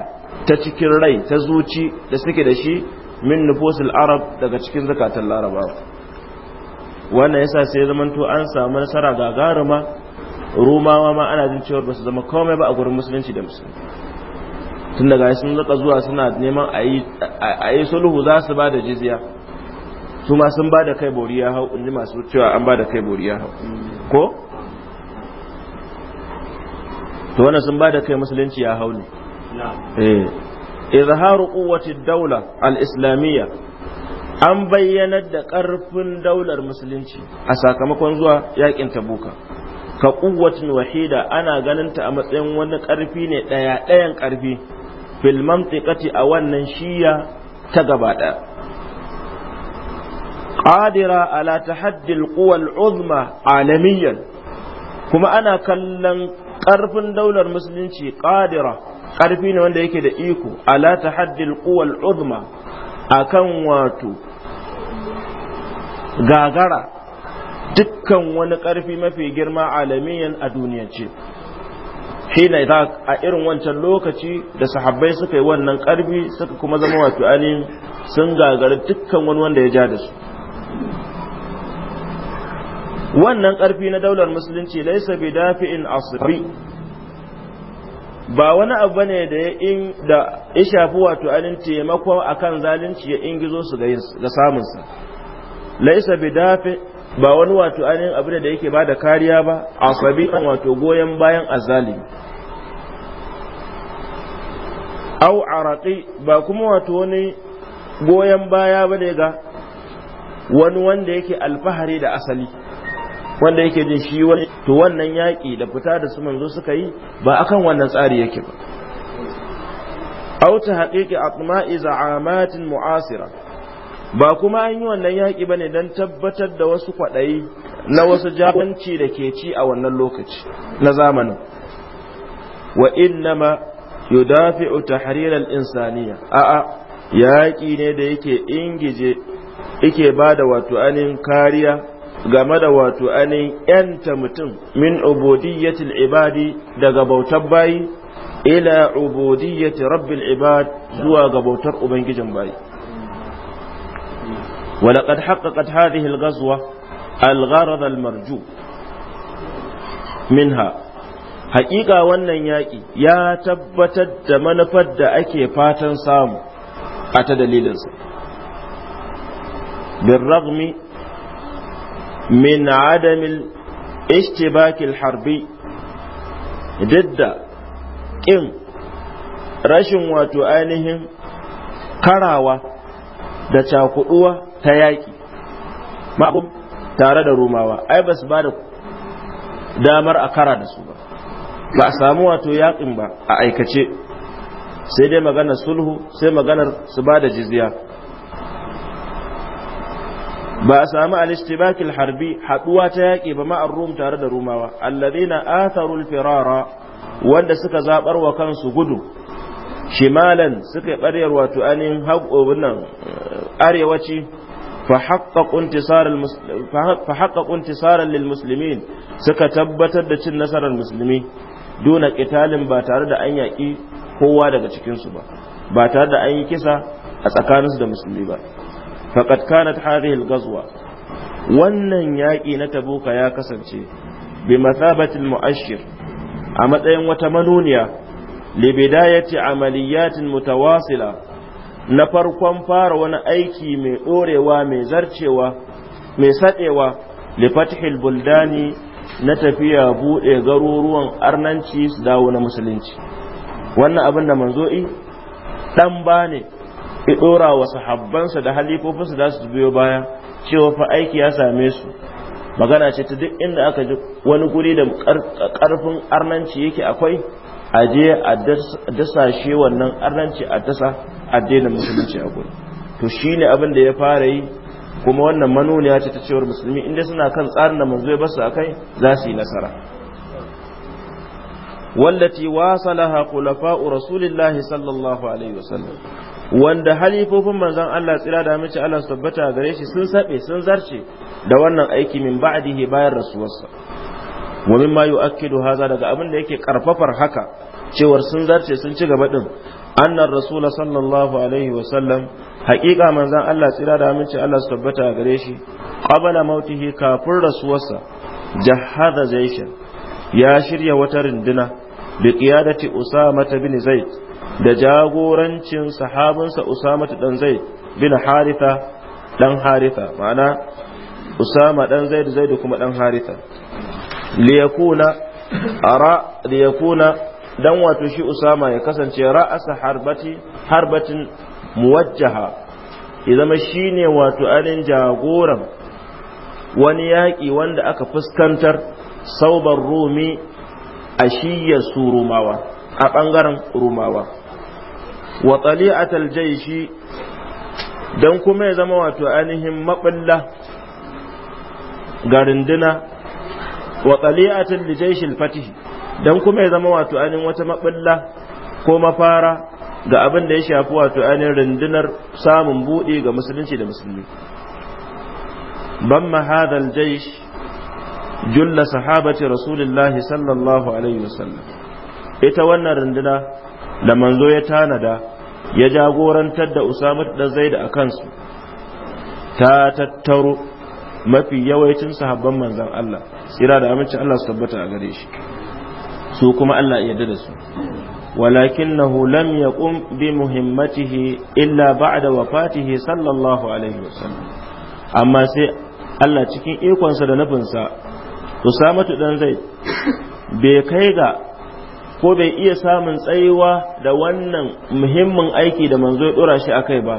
ta cikin rai ta zuci da suke da shi min nufosul arab daga cikin zakatan laraba wannan yasa sai to an samu nasara gagaruma rumawa ma ana jin cewa ba su zama komai ba a gurin musulunci da musulunci tun daga sun zaka zuwa suna neman a yi sulhu za su ba da jizya su ma sun ba da kai boriya hau in ji masu cewa an ba da kai boriya hau ko to wannan sun ba da kai musulunci ya hau ne eh. izharu quwwati daula al-islamiyya an bayyanar da ƙarfin daular musulunci a sakamakon zuwa yakin tabuka ka quwwatin wahida ana ganinta a matsayin wani ƙarfi ne ɗaya ɗayan ƙarfi fil mantiqati a wannan shiya ta gaba ɗaya qadira ala tahaddi al-quwa al-uzma alamiyan kuma ana kallon ƙarfin daular musulunci ƙadira ƙarfi ne wanda yake da iko ala tahaddil quwal uzma akan wato gagara dukkan wani ƙarfi mafi girma alamiyan a duniya ce hina da a irin wancan lokaci da sahabbai suka yi wannan ƙarfi suka kuma zama wato ainihin sun gagara dukkan wani wanda ya ja da su wannan ƙarfi na daular musulunci laisa bi dafi'in asri ba wani abu ne da ya in da ya shafi wato alin taimako akan zalunci ya ingizo su ga samun sa laisa bi dafi ba wani wato alin abu da yake bada kariya ba asabi wato goyen bayan azalimi au araqi ba kuma wato wani goyen baya ba daga wani wanda yake alfahari da asali wanda yake jin shi wani to wannan yaƙi da fita da su manzo suka yi ba akan wannan tsari yake ba auta haƙiƙi atma'i za'amatin mu'asira ba kuma an yi wannan yaƙi bane dan tabbatar da wasu kwaɗayi na wasu jabanci da ke ci a wannan lokaci na zamanin wa innama yudafi'u tahrir al-insaniya a'a yaƙi ne da yake ingije yake bada wato anin kariya game da wato ainihin ‘yanta mutum min ubudiyyatil ibadi daga bautar bayi ila ubudiyyati rabbil ibad zuwa ga bautar ubangijin bayi kad حققت هذه الغزوة الغرض المرجو منها haƙiƙa wannan yaƙi ya tabbatar da manufar da ake fatan samu a ta dalilinsa بالرغم min adamil ishtibakil harbi duk ƙin rashin wato ainihin karawa da cakuduwa ta yaƙi ma'akum tare da rumawa ai ba ba da damar a kara da su ba ba a samu wato yaƙin ba a aikace sai dai maganar sulhu sai maganar su ba da jizya ba a samu al-istibakil harbi haduwa ta yaƙi ba ma'ar rum tare da rumawa na atharul firara wanda suka zabar wa kansu gudu shimalan suka baryar wato anin haƙobin eh, arewaci fa haqqaqu intisaran lil muslimin suka tabbatar da cin nasarar musulmi duna ƙitalin ba tare da an kowa daga cikinsu ba tare da an kisa a tsakaninsu da musulmi ba faqad kanat hadhihi al-ghazwa wannan yaƙi na tabuka ya kasance bi mathabati al-mu'ashshir a matsayin wata manuniya li bidayati amaliyatin mutawasila na farkon fara wani aiki mai ɗorewa mai zarcewa mai saɗewa li fathil buldani na tafiya buɗe garuruwan arnanci su dawo na musulunci wannan abin da manzo'i ɗan ba ya dora wa sahabbansa da halifofinsa da su biyo baya cewa fa aiki ya same su magana ce ta duk inda aka ji wani guri da karfin arnanci yake akwai a je a dasashe wannan arnanci a dasa addinin musulunci a guri to shine abin da ya fara yi kuma wannan manuniya ce ta cewar musulmi inda suna kan tsarin da manzo ya basu akai za su yi nasara wallati wasalaha khulafa'u rasulillahi sallallahu alaihi wasallam wanda halifofin manzon Allah tsira da mace Allah su tabbata gare shi sun sabe sun zarce da wannan aiki min ba'dihi bayan rasuwarsa wa mimma yu'akkidu haza daga abin da yake karfafar haka cewar sun zarce sun ci gaba din annar rasul sallallahu alaihi wa sallam haƙiƙa manzon Allah tsira da mace Allah su tabbata gare shi qabla mautihi kafin rasuwarsa jahada zaisha ya shirya wata runduna bi qiyadati usama bin zaid da jagorancin sahabansa Usama dan Zaid bin Haritha dan Haritha ma'ana Usama dan Zaid Zaid kuma dan Haritha liyakuna ara yakuna dan wato shi Usama ya kasance ra'asa harbati harbatin muwajjaha idan ma shine wato anin jagoran wani yaƙi wanda aka fuskantar sauban rumi a shiyar su rumawa a ɓangaren rumawa wa tali'atal jaishi don kuma ya zama wato ainihin maɓulla ga runduna wa tali'atal lijaishil fatihi don kuma ya zama wato ainihin wata maɓulla ko mafara ga abin da ya shafi wato ainihin rindunar samun buɗe ga musulunci da musulmi ban mahadal jaish julla sahabati rasulillahi sallallahu alaihi wasallam ita wannan rinduna. da manzo ya tanada ya jagorantar da usamu da zaid a kansu ta tattaro mafi yawancin sahabban manzan Allah tsira da amincin Allah su tabbata a gare shi su kuma Allah ya yarda da su walakin ولكنه bi يقم illa ba'a da da wafatihi sallallahu alaihi wasallam Amma sai Allah cikin ikonsa da nufinsa Usamatu dan Zaid bai kai ga ko bai iya samun tsayuwa da wannan muhimmin aiki da manzo ya dora shi akai ba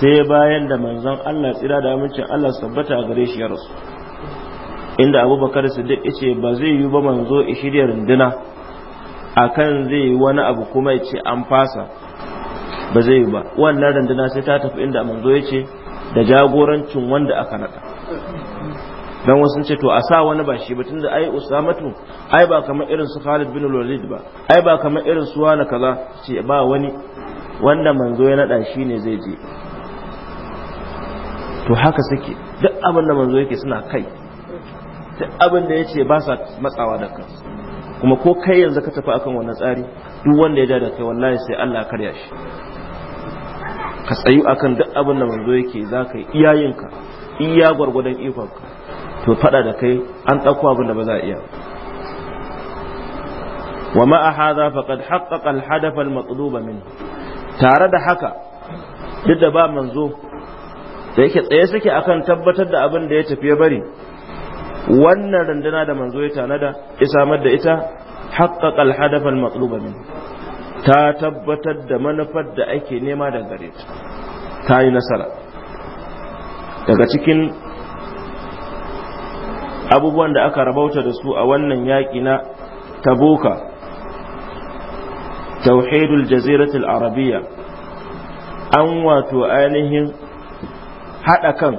sai bayan da manzon Allah tsira da amincin Allah sabbata gare shi ya rasu inda abubakar siddiq yace ba zai yi ba manzo ya shirya runduna akan zai yi wani abu kuma ya an fasa ba zai yi ba wannan runduna sai ta tafi inda manzo ya ce da jagorancin wanda aka naɗa. dan wasu ce to a sa wani ba shi ba da ai usamatu ai ba kamar irin su Khalid bin Walid ba ai ba kamar irin su wani kaza ce ba wani wanda manzo ya nada shi ne zai je to haka suke duk abin da manzo yake suna kai duk abin da yace ba sa matsawa da kansu kuma ko kai yanzu ka tafi akan wannan tsari duk wanda ya ja da kai wallahi sai Allah ya karya shi ka tsayu akan duk abin da manzo yake za ka iya gwargwadon ikonka to fada da kai an ɗauko abin da ba za a iya wa ma'a hadha faqad haqqaqa al-hadafa al min tare da haka duk da ba manzo da yake tsaye suke akan tabbatar da abin da ya tafi ya bari wannan randana da manzo ya tanada ya samar da ita haqqaqa al-hadafa al min ta tabbatar da manufar da ake nema da gare ta ta yi nasara daga cikin abubuwan da aka rabauta da su a wannan yaƙi na tabuka tauhidul jaziratul arabiya an wato ainihin haɗa kan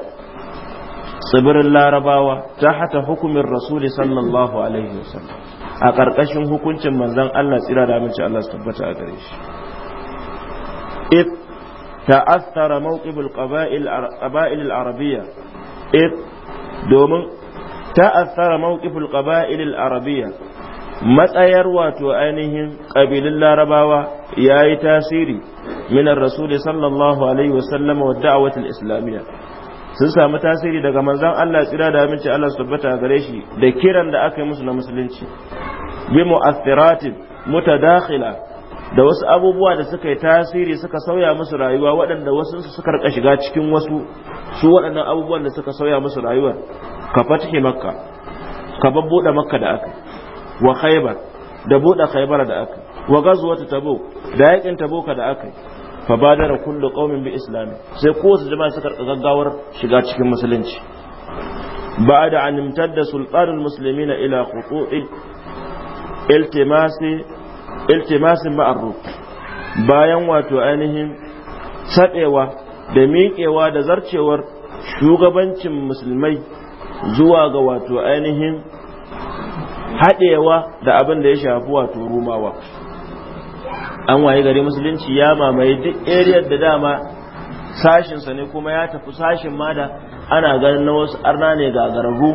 tsibirin larabawa ta hata hukumin rasuli sallallahu alaihi wasallam a ƙarƙashin hukuncin manzan Allah tsira da aminci Allah su tabbata a gare shi ta'athara mawqibul qaba'il al if domin ta'athara mawqiful qaba'il al-arabiyya matsayar wato ainihin ƙabilun larabawa ya yi tasiri minar rasuli sallallahu alaihi wasallama wa islamiyya sun samu tasiri daga manzan Allah tsira da aminci Allah su tabbata gare shi da kiran da aka yi musu na musulunci bi mu'athiratin mutadakhila da wasu abubuwa da suka yi tasiri suka sauya musu rayuwa waɗanda wasu suka rika shiga cikin wasu su waɗannan abubuwan da suka sauya musu rayuwa ka Fatih'i makka ka babbuɗe makka da aka wa khaybar da buɗe khaybar da aka wa ghazwat tabuk da yakin tabuka da aka fa badara kullu qaumin bi islami sai su jama'a suka gaggawar shiga cikin musulunci ba'da an imtadda سلطان muslimina ila خطوط iltimasi iltimasin مع الروم bayan wato ainihin saɗewa da miƙewa da zarcewar shugabancin musulmai zuwa ga wato ainihin haɗewa da abin da ya shafi wato rumawa an waye gari musulunci ya mamaye duk ariyar da dama sashinsa ne kuma ya tafi sashin ma da ana ganin na wasu arna ne ga garagu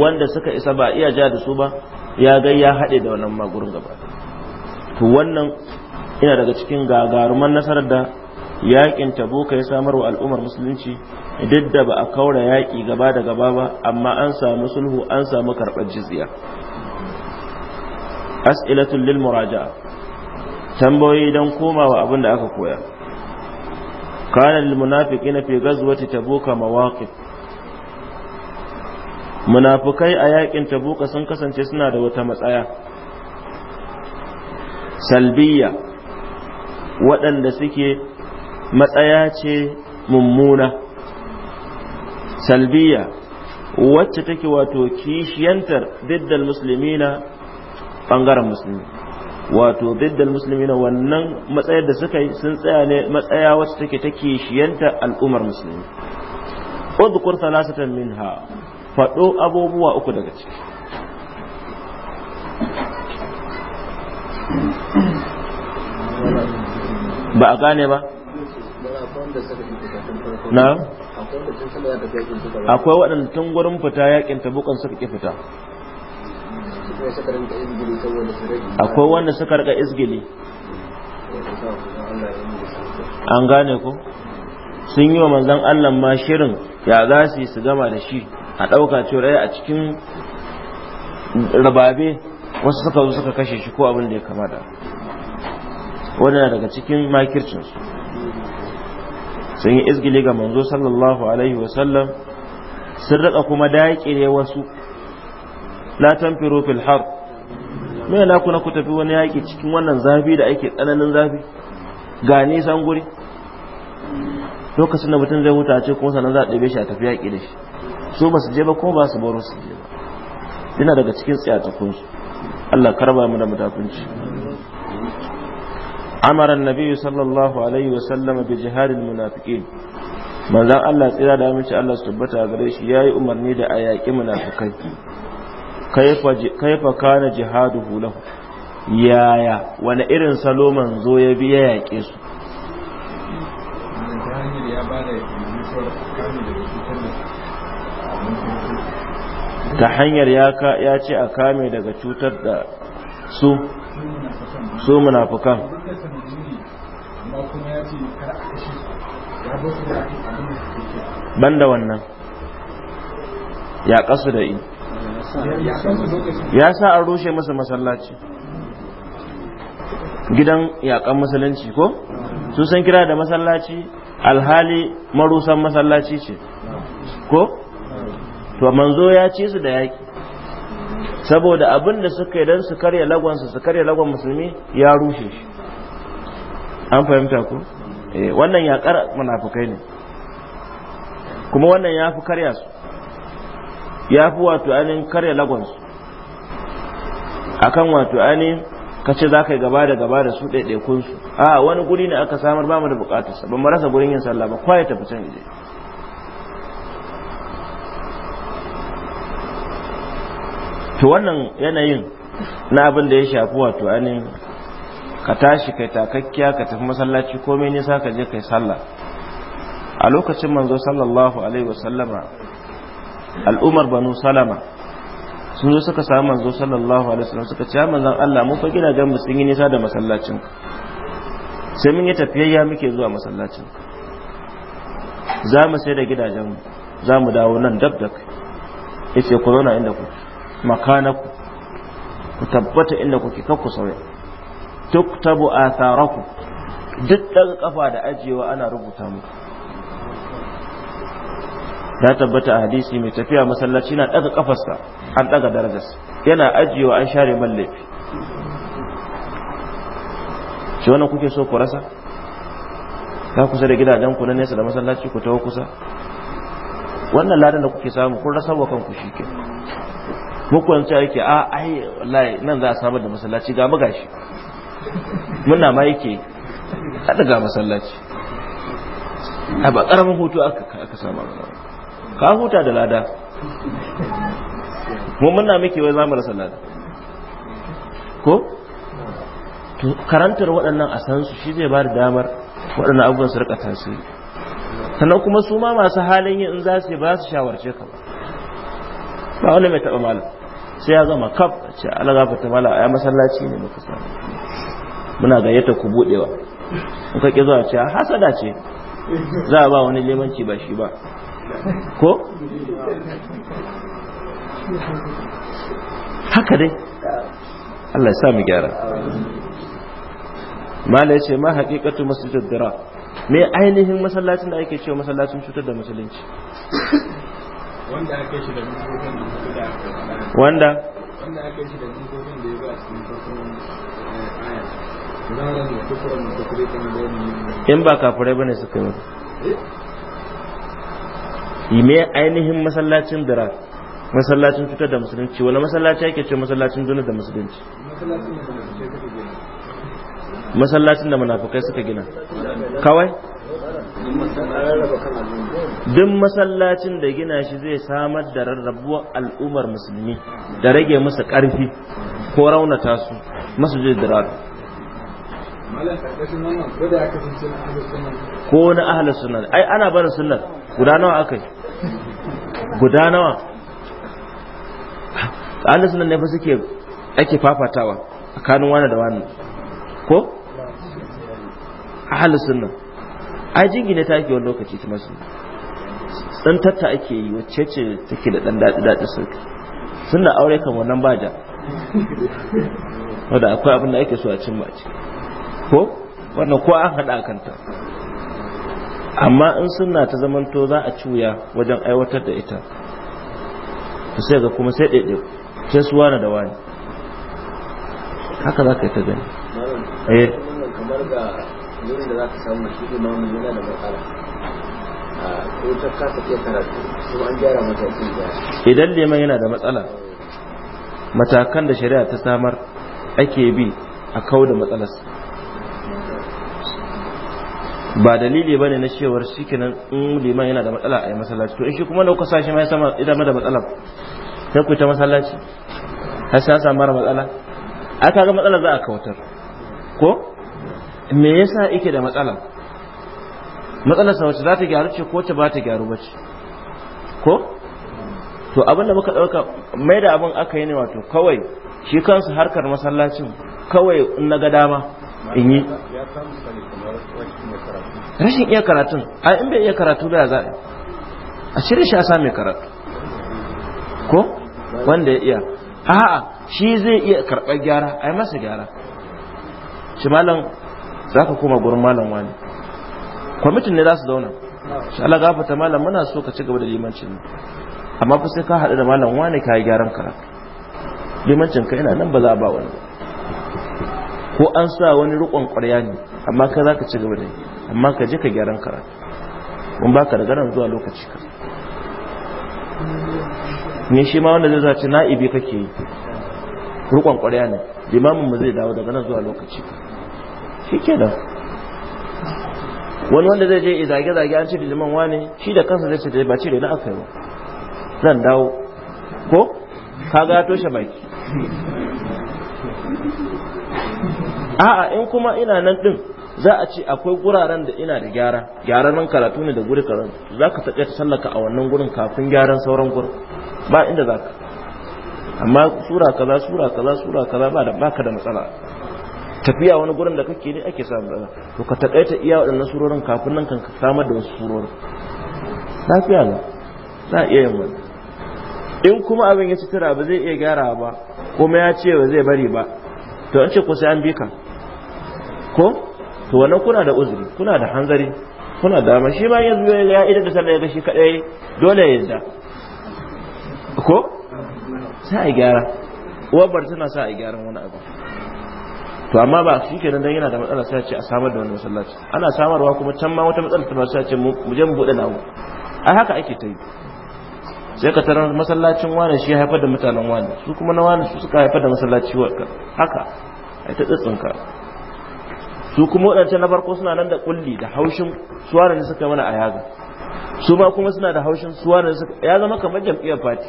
wanda suka isa ba iya ja da su ba ya ga ya haɗe da wannan magurin gaba to wannan ina daga cikin gagaruman nasarar da yakin tabuka ya samar wa al'ummar musulunci duk da ba a kaura yaƙi gaba da gaba ba amma an samu sulhu an samu karɓar jizya as'ilatul lil muraja'a tambayoyi don komawa abin da aka koya kana lil munafiqin fi ghazwati tabuka mawaqif munafikai a yakin tabuka sun kasance suna da wata matsaya salbiya waɗanda suke matsaya ce mummuna salbiya wacce take wato kishiyantar diddal na bangaren musulmi wato diddal na wannan matsayar da suka yi sun tsaya ne matsaya wacce take ta kishiyantar al'ummar musulmi udkur salasatan minha faɗo abubuwa uku daga ciki ba a gane ba na akwai waɗanda tun gurin fita yakin tabukan suka ki fita akwai wanda suka rika izgili an gane ku. sun yi wa manzan Allah ma shirin ya za su su gama da shi a ɗauka cewa a cikin rababe wasu suka zo suka kashe shi ko abin da ya kamata wadana daga cikin makircinsu sun yi izgili ga manzo sallallahu alaihi wasallam sun raka kuma daƙire wasu la tanfiru fil har me na kuna ku tafi wani yaƙi cikin wannan zafi da ake tsananin zafi ga nisan guri lokacin da mutum zai wuta ce kuma sanan za a ɗebe shi a tafi yaƙi da shi su ba su je ba kuma ba su baro su je ba yana daga cikin tsaya Allah karba mu da mutakunci amara annabi sallallahu alaihi wasallam bi jihadil munafiqin manzon Allah tsira da amince Allah su tabbata gare shi yayi umarni da ayaki munafikai Kai fa kana jihadu lahu yaya wani irin salo manzo ya bi ya yaƙe su ta hanyar ya ce a kame daga cutar da su su munafukan banda wannan ya kasu da i ya sa an rushe masa masallaci gidan yakan musulunci ko su san kira da masallaci alhali marusan masallaci ce ko to manzo ya ci su da yaki saboda abin da suka idan su karya lagonsa su karya lagon musulmi ya rushe shi an fahimta ko Eh, wannan yaƙar munafukai ne kuma wannan ya fi karya su ya fi wato ainihin karya lagonsu akan wato ainihin ka ce za ka yi gaba da gaba da su su a wani guri ne aka samar ba mu da bukatarsa ban marasa gurin yin sallah ba kwaya tafi can ije to wannan yanayin na abin da ya shafi wato ainihin ka tashi kai takakkiya ka tafi masallaci komai nisa ka je kai sallah a lokacin manzo sallallahu alaihi wasallama al'umar banu salama sun zo suka samu manzo sallallahu alaihi wasallam suka ce ya manzon Allah mun fa gidajen mu sun yi nisa da masallacin sai mun yi tafiyayya muke zuwa masallacin za mu sai da gidajen mu za mu dawo nan dab yace ku zauna inda ku makana ku ku tabbata inda kuke kar ku sauya tuktabu atharakum duk daga kafa da ajiyewa ana rubuta muku da tabbata a hadisi mai tafiya masallaci na daga kafarsa an daga darajarsa yana ajiyewa an share man laifi shi wannan kuke so ku rasa ka kusa da gidajen ku na nesa da masallaci ku tawo kusa wannan ladan da kuke samu kun rasa wa kanku shi ke muku yanzu yake a ai wallahi nan za a samar da masallaci ga magashi gashi muna ma yake a daga masallaci a ba karamin hutu aka sama ka huta da lada mu muna muke wai zamu rasa lada ko to karantar waɗannan a san su shi zai ba da damar waɗannan abubuwan su rika tasiri sannan kuma su ma masu halin yin in za su ba su shawarce ka ba wani mai taɓa malam sai ya zama kaf ce ala gafarta mala a masallaci ne muka samu muna gayyata ku budewa kuka ki zuwa ce hasada ce za a ba wani limanci ba shi ba ko haka dai Allah ya sa mu gyara mala ya ce ma haƙiƙatu masjidul dira me ainihin masallacin da ake cewa masallacin cutar da musulunci wanda ake shi da wanda wanda ake shi da da ya ba su in ba kafirai bane suka yi yi me ainihin masallacin dira masallacin cutar da musulunci wani masallaci yake ce masallacin duna da musulunci masallacin da munafukai suka gina kawai duk masallacin da gina shi zai samar da rarrabuwar al'ummar musulmi da rage musu ƙarfi ko raunata su masu jirgin ko wani ahalar sunan ai ana barin sunan guda nawa aka yi guda nawa ahalar sunan ne fa suke ake fafatawa a kanin wani da wani ko ahalar sunan ai jingine ta ake wani lokaci ta masu sun tatta ake yi wacce ce take da dan daɗi daɗi sauki suna aure kan wannan baja wadda akwai abin da ake so a cimma a cikin. ko wanda ko an haɗa kanta amma in sunna ta zamanto za a ciwuya wajen aiwatar da ita to sai ga kuma sai ɗaiɗe sai su wani da wani haka za ka yi ta gani eh kamar ga wurin da za ka samu shi imamu yana da matsala ko ta ka ta iya karatu kuma an gyara mata matakin da idan leman yana da matsala matakan da shari'a ta samar ake bi a kawo da matsalarsa ba dalili bane na cewar shikenan in liman yana da matsala a yi masallaci to in shi kuma dauka sashi ma ya sama ita ma da matsala sai ku ta masallaci har sai samu mara matsala a kaga matsala za a kawatar ko me yasa yake da matsala matsalar sa wacce za ta gyaru ce ko ta ba ta gyaru bace ko to abin da muka dauka mai da abin aka yi ne wato kawai shi kansu harkar masallacin kawai in na ga dama in yi rashin iya karatun a in bai iya karatu da za a cire shi a mai karatu ko wanda ya iya a'a shi zai iya karɓar gyara a yi masa gyara shi malam za ka koma gurin malam wani kwamitin ne za su zauna shi Allah gafata malam muna so ka ci gaba da limancin amma fa sai ka haɗu da malam wani ka yi gyaran karatu limancin ka ina nan ba za a ba wani ko an sa wani riƙon ƙwarya ne amma kai za ka ci gaba da yi amma ka je ka gyaran karatu mun baka da garan zuwa lokaci ka ne shi ma wanda zai zaci na'ibi kake yi rukon kwarya ne limamin mu zai dawo daga nan zuwa lokaci ka shi ke da wani wanda zai je zage-zage an ce da liman wani shi da kansa zai ce da ba ce da na aka yi zan dawo ko ka ga toshe baki a'a in kuma ina nan din za a ce akwai guraren da ina da gyara gyararren karatu ne da guri karatu za ka taƙaita sallaka a wannan gurin kafin gyaran sauran gurin ba inda za ka amma sura kaza sura kaza sura kaza ba da baka da matsala tafiya wani gurin da kake ne ake samu da to ka taƙaita iya waɗannan surorin kafin nan kan samar da wasu surorin lafiya ne za a iya yin wani in kuma abin ya ci ba zai iya gyara ba kuma ya ce ba zai bari ba to an ce ko sai an bi ka ko to wannan kuna da uzuri kuna da hanzari kuna da dama shi ma ya zuwa ya idan da sallah ya gashi kadai dole ya yadda ko sai a gyara uwar tana sa a gyaran wani abu to amma ba shi kenan dan yana da matsala sai ce a samar da wani masallaci ana samarwa kuma can ma wata matsala ta sai ce mu je mu bude nawo ai haka ake ta yi sai ka tarar masallacin wani shi ya haifar da mutanen wani su kuma na wani su suka haifar da masallaci haka ai ta tsitsinka su kuma waɗancan na farko suna nan da kulli da haushin suwarar da suka mana a yaga su ma kuma suna da haushin suwarar da suka ya zama kamar jam'iyyar fati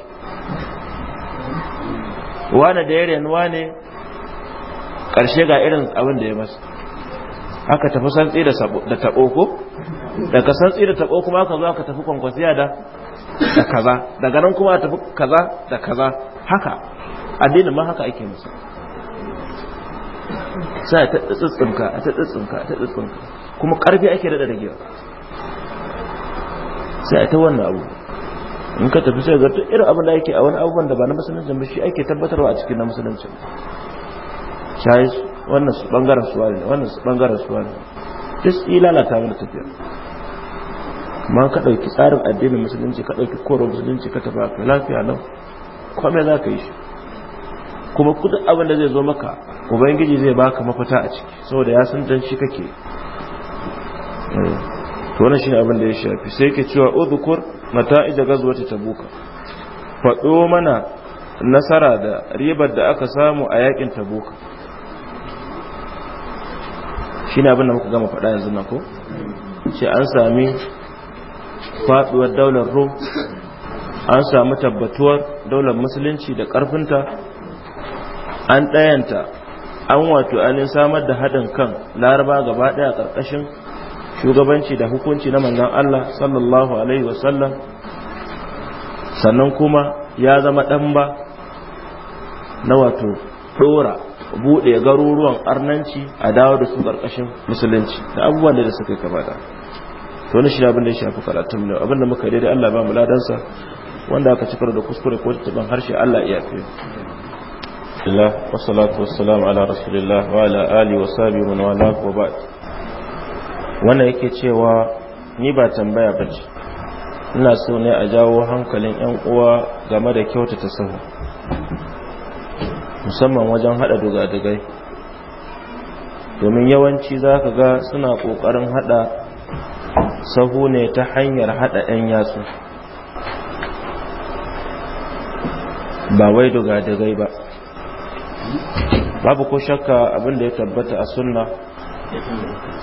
wane da yare renuwa ne ƙarshe ga irin abin da ya masu aka tafi santsi da taɓo ko daga santsi da taɓo kuma aka zo aka tafi kwankwasiya da kaza daga nan kuma a tafi kaza da kaza haka addinin ma haka ake musu sai ta tsitsinka ta tsitsinka ta tsitsinka kuma karfi ake da dagewa sai ta wannan abu in ka tafi sai ga irin abin da yake a wani abubuwan da ba na musulunci ba shi ake tabbatarwa a cikin na musulunci shayi wannan su bangaren suwa ne wannan su bangaren suwa ne duk su lalata mana tafiya ma ka ɗauki tsarin addinin musulunci ka ɗauki koro musulunci ka tafi lafiya nan me za ka yi shi kuma kudin abin da zai zo maka ubangiji zai baka mafita a ciki saboda ya san dan shi kake eh, to wannan shine abin da ya shafi sai ke cewa udhkur mata'ij gazwati tabuka fado mana nasara da ribar da aka samu a yakin tabuka shine abin da muka gama faɗa yanzu nan ko ce an sami faduwar daular rom an samu tabbatuwar daular musulunci da karfinta an ɗayanta an wato alin samar da haɗin kan laraba gaba ɗaya ƙarƙashin shugabanci da hukunci na manzan Allah sallallahu alaihi wasallam sannan kuma ya zama ɗan ba na wato ɗora buɗe garuruwan arnanci a dawo da su ƙarƙashin musulunci da abubuwan da suka kama da to wani shi abin da ya shafi karatun ne abin da muka da Allah ba mu ladansa wanda aka cikar da kuskure ko tattaban harshe Allah iya fiye الله والصلاة والسلام على رسول الله وعلى آله وصحبه من والاه وبعد wannan yake cewa ni ba tambaya ba ina so ne a jawo hankalin 'yan uwa game da kyauta ta sahu musamman wajen hada dugadugai domin yawanci za ka ga suna ƙoƙarin hada sahu ne ta hanyar hada 'yan yatsu ba wai dugadugai ba babu ko shakka abin da ya tabbata a sunna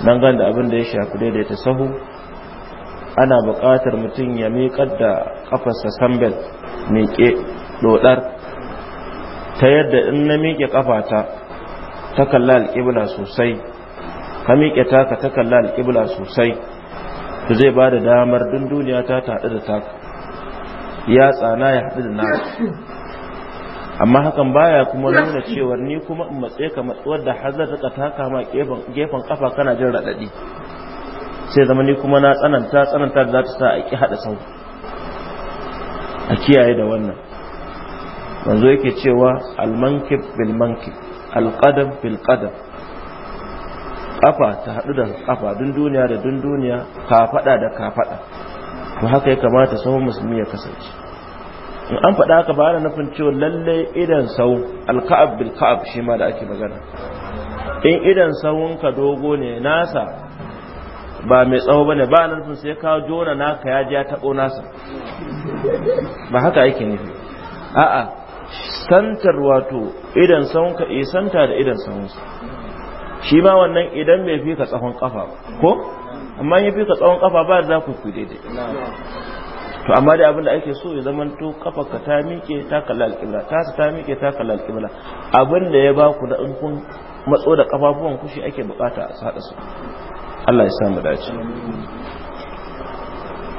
dangane da abin da ya shafi daidaita sahu ana buƙatar mutum ya miƙar da ƙafarsa sambel miƙe ɗoɗar ta yadda in na miƙe ƙafata ta kalla alƙibla sosai ka miƙe taka ta kalla alƙibla sosai ta zai ba da damar duniya ta taɗu da taka ya tsana ya haɗu da naka amma hakan baya kuma nuna cewa ni kuma in matse ka matsuwar da hazar ta taka ma gefen kafa kana jin raɗaɗi sai zama ni kuma na tsananta tsananta da za ta sa a ki haɗa sau a kiyaye da wannan manzo yake cewa almankib bil mankib alqadam bil qadam kafa ta hadu da kafa duniya da duniya kafaɗa da kafaɗa to haka ya kamata sahun musulmi ya kasance in an faɗa haka ba na nufin cewa lalle idan sau alka'ab bil ka'ab shi ma da ake magana in idan ka dogo ne nasa ba mai tsawo bane ba nan nufin sai ka jona naka ya ji ya tabo nasa ba haka yake ne a'a santar wato idan sawun ka eh santa da idan sawun shi ma wannan idan mai fi ka tsawon kafa ko amma ya fi ka tsawon kafa ba za ku fi daidai to amma da abin da ake so ya zama to ka ta miƙe ta kalla alƙibla ta ta miƙe ta kalla alƙibla abin da ya ba ku da in kun matso da kafafuwan ku shi ake bukata a sada su Allah ya samu dace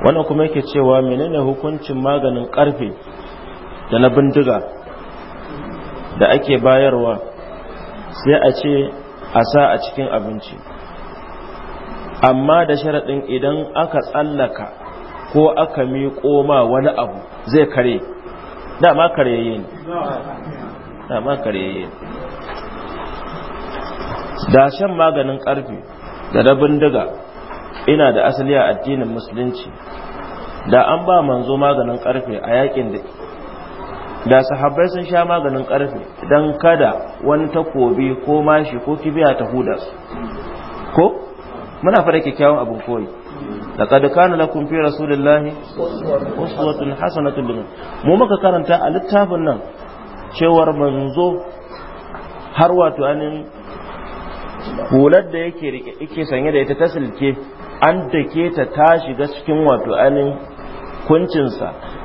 wannan kuma yake cewa menene hukuncin maganin karfe da na bindiga da ake bayarwa sai a ce a sa a cikin abinci amma da sharaɗin idan aka tsallaka ko aka miƙo ma wani abu zai kare dama kareye ne dama kareye ne da shan maganin ƙarfe da rabin daga ina da asali a addinin musulunci da an ba manzo maganin ƙarfe a yakin da da sahabbai sun sha maganin ƙarfe don kada wani takobi ko mashi ko kibiya ta hudas ko muna fara kyakkyawan abin koyi laqad kana lakum fi rasulillahi uswatun hasanatun liman mu muka karanta a littafin nan cewar manzo har wato anin da yake rike yake sanye da ita ta silke an dake ta ta shiga cikin wato anin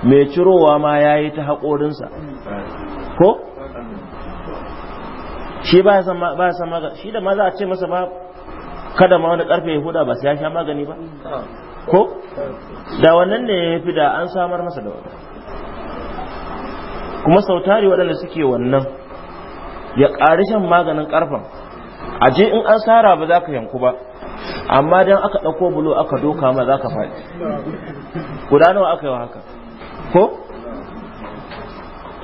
mai cirowa ma yayi ta haƙorinsa ko shi ba ya san shi da ma za a ce masa ba kada ma wani karfe ya huda ba sai ya sha magani ba ko da wannan ne ya fi da an samar masa da wannan kuma sautari waɗanda suke wannan ya ƙari shan maganin karfen a je in an sara ba za ka yanku ba amma don aka ɗauko bulo aka doka ma za ka faɗi guda nawa aka yi haka ko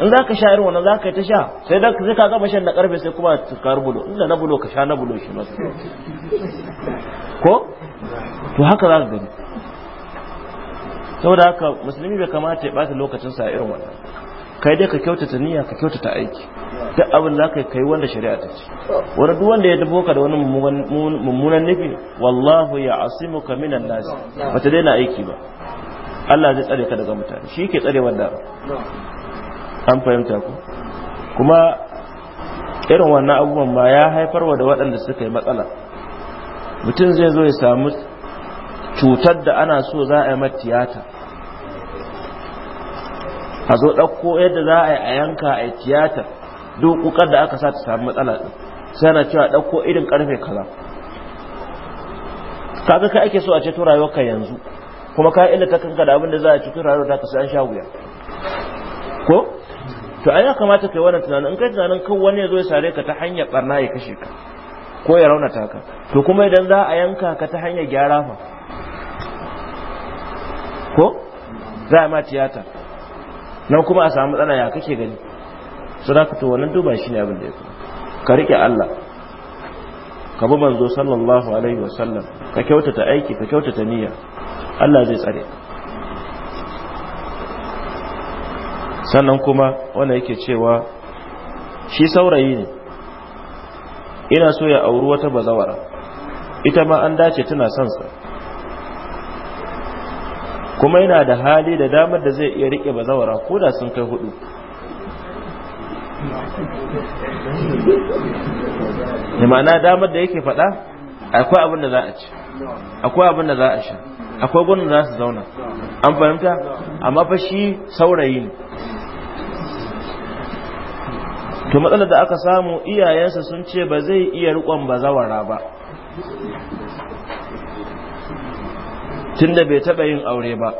in za ka sha irin wannan za ka yi ta sha sai da ka gama shan na karfe sai kuma ka bulo inda na bulo ka sha na bulo shi ko to haka za ka gani saboda haka musulmi bai kamata ya bata lokacin sa irin wannan kai dai ka kyautata niyya ka kyautata aiki duk abin da kai kai wanda shari'a ta ce wani duk wanda ya dubo ka da wani mummunan nufi wallahu ya asimuka minan nasi ba ta daina aiki ba Allah zai tsare ka daga mutane shi ke tsare wanda an fahimta ku kuma irin wannan abubuwan ma ya haifar wa da waɗanda suka yi matsala mutum zai zo ya samu cutar da ana so za a yi mata tiyata a zo ɗauko yadda za a yi a yanka a yi tiyatar duk kukar da aka sa ta samu matsala ɗin sai na cewa ɗauko irin ƙarfe kaza kaga kai ake so a ceto ka yanzu kuma ka illata kanka da abin da za a ceto rayuwar ta ka an sha wuya to ai ya kamata kai wannan tunanin in kai tunanin kan wani ya zo ya sare ka ta hanyar barna ya kashe ka ko ya raunata ka to kuma idan za a yanka ka ta hanyar gyara fa ko za a ma tiyata nan kuma a samu tsana ya kake gani ka to wannan duba shi ne abin da ya fi ka riƙe Allah ka bi manzo sallallahu alaihi wasallam ka kyautata aiki ka kyautata niyya Allah zai tsare ka sannan kuma wanda yake cewa shi saurayi ne ina so ya auri wata bazawara ita ma an dace tana sansa kuma yana da hali da damar da zai iya rike bazawara ko da sun kai hudu da ma'ana damar da yake faɗa akwai abin da za a ci akwai abin da za a sha akwai gudun za su zauna an fahimta amma fa shi saurayi ne to matsalar da aka samu iyayensa sun ce ba zai iya riƙon bazawara ba tunda bai taɓa yin aure ba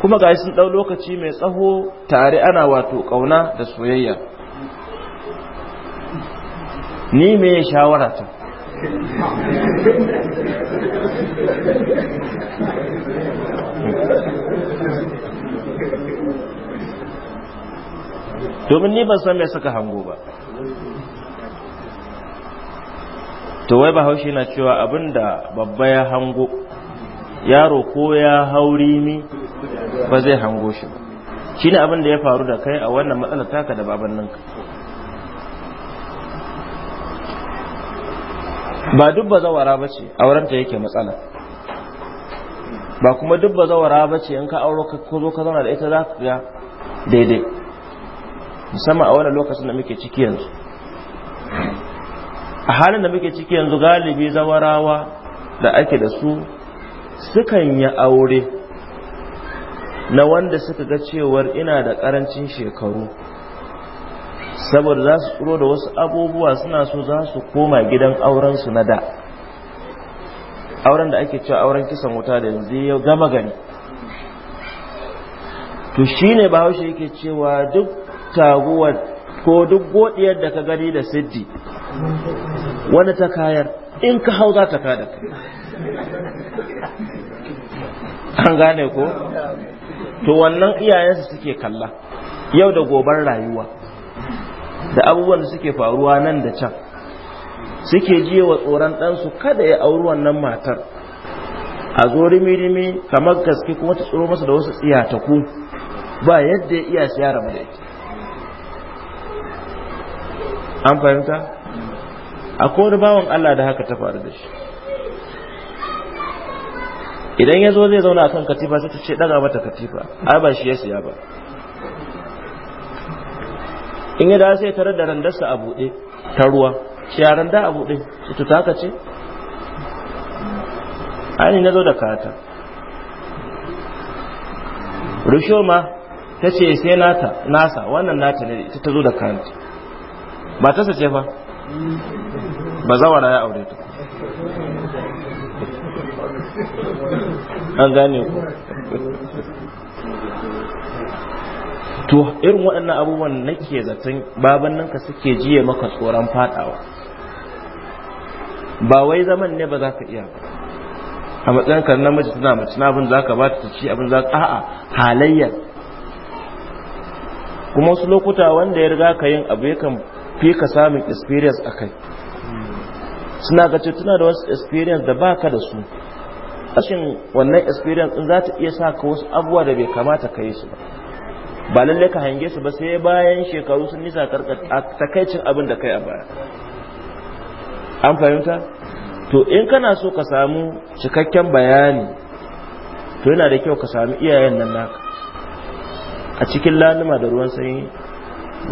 kuma ga sun ɗau lokaci mai tsaho tare ana wato ƙauna da soyayya ni me ta? domin ni ban san mai suka hango ba to wai bahaushe na cewa abinda babba ya hango yaro ko ya hauri mi ba zai hango shi shi ne abinda ya faru da kai a wannan matsala taka da babanninka ba duk zawara ba ce aurenta yake matsala ba kuma duk zawara ba ce in ka auro ka zo ka zauna da ita za ka ga daidai musamman a wani lokacin da muke ciki yanzu a halin da muke ciki yanzu galibi zawarawa da ake da su sukan yi aure na wanda suka ga cewar ina da karancin shekaru saboda za su tsoro da wasu abubuwa suna so za su koma gidan aurensu na da auren da ake cewa auren kisan wuta da yanzu ya gama gani to shine bahaushe yake cewa duk taguwar ko duk godiyar da ka gani da siddi wani ta kayar in ka hau za ta kada an gane ko to wannan iyayensu suke kalla yau da gobar rayuwa da abubuwan da suke faruwa nan da can suke jiye tsoron ɗansu kada ya auri wannan matar a zo rimi-rimi kamar gaske kuma ta tsoro masa da wasu tsiyataku ba yadda ya iya siyara rabu da an fahimta akwai wani bawan Allah da haka ta faru da shi idan ya zo zai zauna akan katifa sai ta ce daga mata katifa ai ba shi ya siya ba in ya da sai tarar da randarsa a buɗe ta ruwa shi ya randa a buɗe su tuta haka ce ainihin na zo da kata rusho ma ta ce sai nata nasa wannan nata ne ita ta zo da kanta ba ta sace fa ba zawara ya aure ta an gane ku to irin waɗannan abubuwan nake zaton baban ka suke jiye maka tsoron fadawa ba wai zaman ne ba za ka iya ba. a matsayin ka na mace tana mace na abin za ka ba ta ci abin za ka a'a halayya kuma wasu lokuta wanda ya riga ka yin abu yakan fi ka samun experience a kai suna ga tuna da wasu experience da baka da su rashin wannan experience in za ta iya sa ka wasu abubuwa da bai kamata ka yi su ba ba lallai ka hange su ba sai bayan shekaru sun nisa takaicin abin da kai a baya an fahimta to in kana so ka samu cikakken bayani to yana da kyau ka samu iyayen nan naka a cikin lalima da ruwan sanyi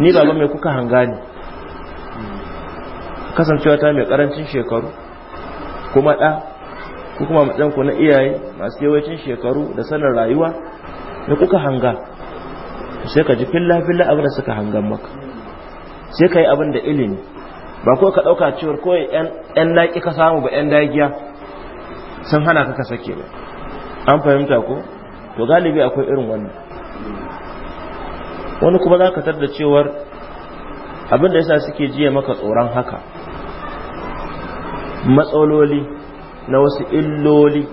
ni baba mai kuka hanga ne kasancewa ta mai karancin shekaru kuma ɗa ko kuma matsanku na iyaye masu yawancin shekaru da sanin rayuwa da kuka hanga sai ka ji filla-filla abin da suka hangan maka sai ka yi abin da ilimi ba kuwa ka ɗauka cewar kawai 'yan laƙi ka samu ba 'yan dagiya sun hana ka sake ba an fahimta ko to galibi akwai irin wannan wani kuma za ka tar cewar abin da yasa suke jiya maka tsoron haka matsaloli na wasu illoli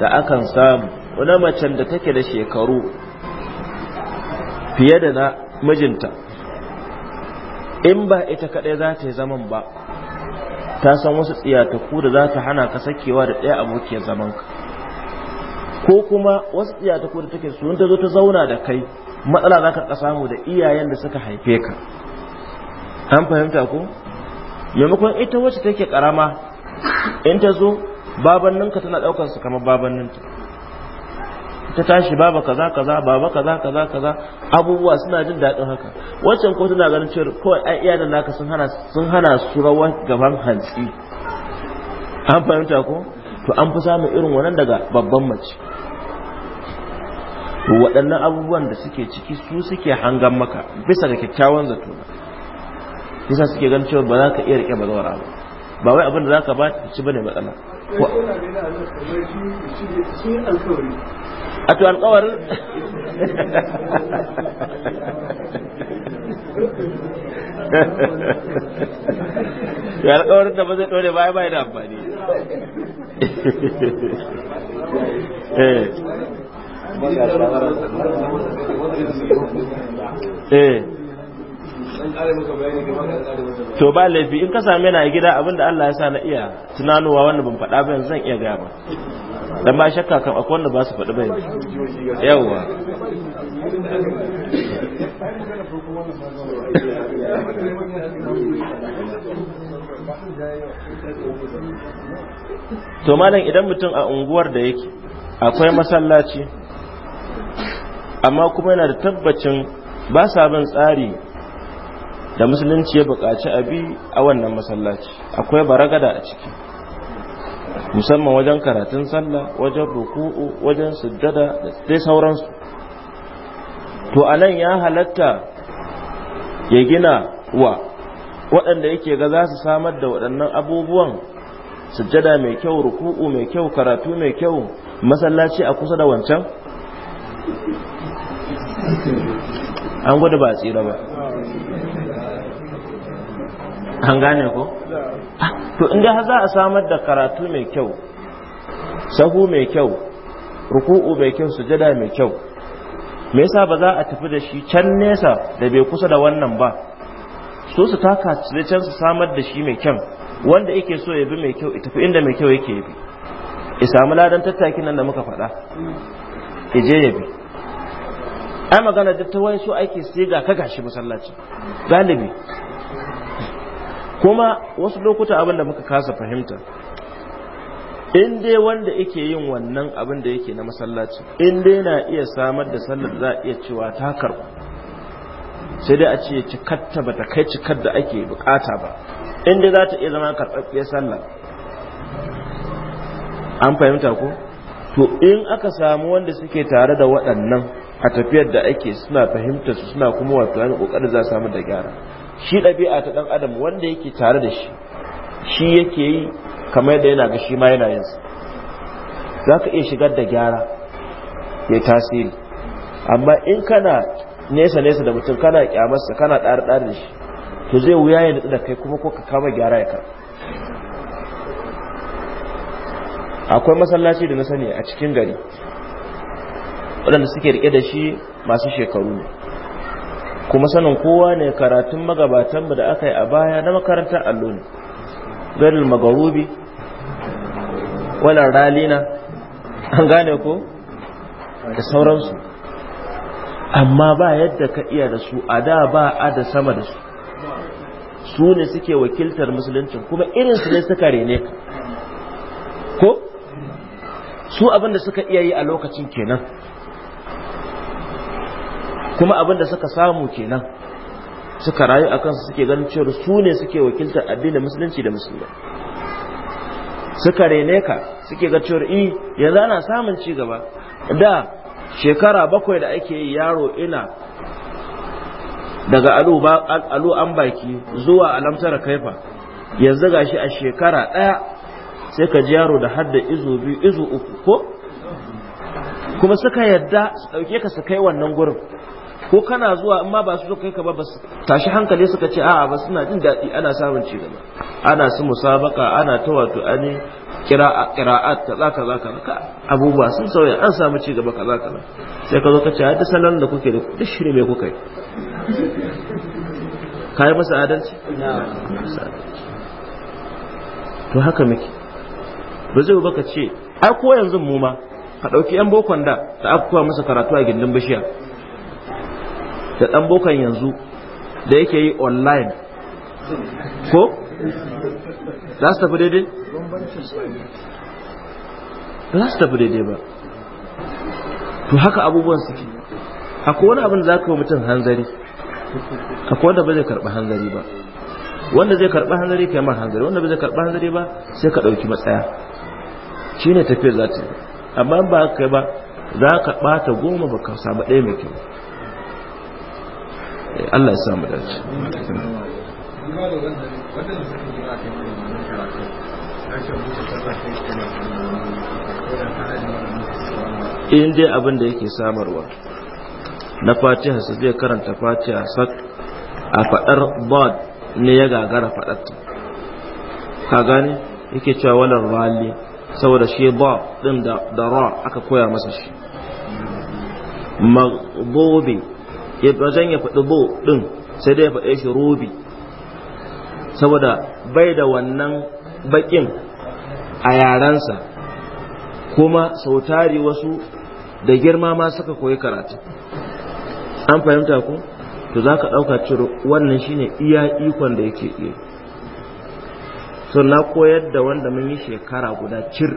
da akan samu wani macen da take da shekaru fiye da na mijinta in ba ita kaɗai za ta yi zaman ba ta san wasu tsiyataku da za ta hana ka sakewa da ɗaya abokiyar zamanka ko kuma wasu tsiyataku da take su ta zo ta zauna da kai matsala za ka samu da iyayen da suka haife ka an fahimta ko maimakon ita wacce take karama in ta zo babanninka tana daukar su kamar babanninta ta tashi baba kaza kaza baba kaza kaza kaza abubuwa suna jin daɗin haka waccan ko tana ganin cewa kawai ai iyalan naka sun hana sun hana su rawa gaban hantsi an fahimta ko to an fi samun irin wannan daga babban mace waɗannan abubuwan da suke ciki su suke hangan maka bisa ga kyakkyawan zato yasa suke ganin cewa ba za ka iya rike bazawara ba ba wai abin da za ka ba ci bane matsala a to alkawarin ya alkawarin da ba zai dole ba baya da amfani eh, eh. to ba laifi in ka same na gida abinda Allah ya sa na iya tunanowa wanda ban faɗa ba yanzu zan iya gaya ba dan ba shakka kan akwai wanda ba su faɗi ba yanzu yawa to malam idan mutum a unguwar da yake akwai masallaci amma kuma yana da tabbacin ba sa bin tsari da musulunci ya buƙaci abi a wannan masallaci akwai baragada a ciki musamman wajen karatun sallah wajen ruku'u wajen sujjada da dai sauransu to anan ya halatta ya gina wa waɗanda yake ga za su samar da waɗannan abubuwan sujjada mai kyau ruku'u mai kyau karatu mai kyau masallaci a kusa da wancan an gudu ba tsira ba an gane ko ah, to inda za a samar da karatu mai kyau sahu mai kyau ruku'u mai kyau sujada mai kyau me yasa ba za a tafi da shi can nesa da bai kusa da wannan ba so su taka da can su samar da shi mai kyau wanda yake so ya bi mai kyau tafi inda mai kyau yake bi ya samu ladan tattakin nan da muka faɗa ya je ya bi ai magana duk ta wani so ake sai ga ka gashi masallaci galibi kuma wasu lokuta abin da muka kasa fahimta in dai wanda yake yin wannan abin da yake na masallaci in dai na iya samar da sallar za a iya cewa ta karɓu sai dai a ce cikatta ba ta kai cikar da ake bukata ba in dai za ta iya zama karɓaɓɓiyar sallar an fahimta ko to in aka samu wanda suke tare da waɗannan a tafiyar da ake suna fahimtar su suna kuma wato yana kokarin za samu da gyara shi ɗabi'a ta ɗan adam wanda yake tare da shi shi yake yi kamar yadda yana ga shi ma yana yin za ka iya shigar da gyara ya tasiri amma in kana nesa nesa da mutum kana kyamarsa kana ɗari ɗari da shi to zai wuya ya nutsu da kai kuma ko ka kama gyara ya kar akwai masallaci da na sani a cikin gari waɗanda suke rike da shi masu shekaru ne kuma sanin kowa ne karatun magabatanmu da aka yi a baya na makarantar allo ne Garin magarubi walar ralina an gane ko da sauransu amma ba yadda ka iya da su a da ba a da sama da su su ne suke wakiltar musuluncin kuma irin su ne suka rene ko su abinda suka iya yi a lokacin kenan kuma abin da suka samu kenan suka rayu a kansu suke ganin cewar su ne suke wakiltar addinin musulunci da musulmi suka rene ka suke ga cewar i eh, yanzu ana samun ci gaba da shekara bakwai da ake yi yaro ina daga alu an baki zuwa alamtar kaifa yanzu gashi a shekara ɗaya sai ka ji yaro da hadda izu biyu izu uku ko kuma suka yadda su ɗauke ka su kai wannan gurin ko kana zuwa amma ba su so kai ka ba basu tashi hankali suka ce a'a ba suna jin daɗi ana samun ci gaba ana su musabaka ana ta wato ani kira'a kira'at kaza kaza kaza abubuwa sun sauya an samu ci gaba kaza kaza sai ka zo ka ce a duk salon da kuke da duk shirye me kuka yi kai masa adalci to haka muke ba zai ba ka ce ai ko yanzu mu ma ka ɗauki 'yan bokon da ta akwai masa karatu a gindin bishiya da ɗan bokan yanzu da yake yi online ko za su tafi daidai za su tafi daidai ba to haka abubuwan suke akwai wani abin za ka mutum hanzari akwai wanda ba zai karɓi hanzari ba wanda zai karɓi hanzari ka yi mar hanzari wanda ba zai karɓi hanzari ba sai ka ɗauki matsaya shi ne tafiyar za ta yi amma ba ka yi ba za ka ɓata goma ba ka samu ɗaya mai kyau Allah ya samu dace in dai abin da yake samarwa na fatiha su zai karanta fatiha sak a fadar bod ne ya gagara fadarta ka gane yake cewa walar rali saboda shi ba din da ra aka koya masa shi magbobi ya wajen ya faɗi bo ɗin sai dai ya faɗe shi robi saboda bai da wannan baƙin a yarensa kuma sautari wasu da girma ma suka koyi karatu an fahimta ku to za ka ɗauka ciro wannan shine iya ikon da yake iya so na koyar da wanda mun yi shekara guda cir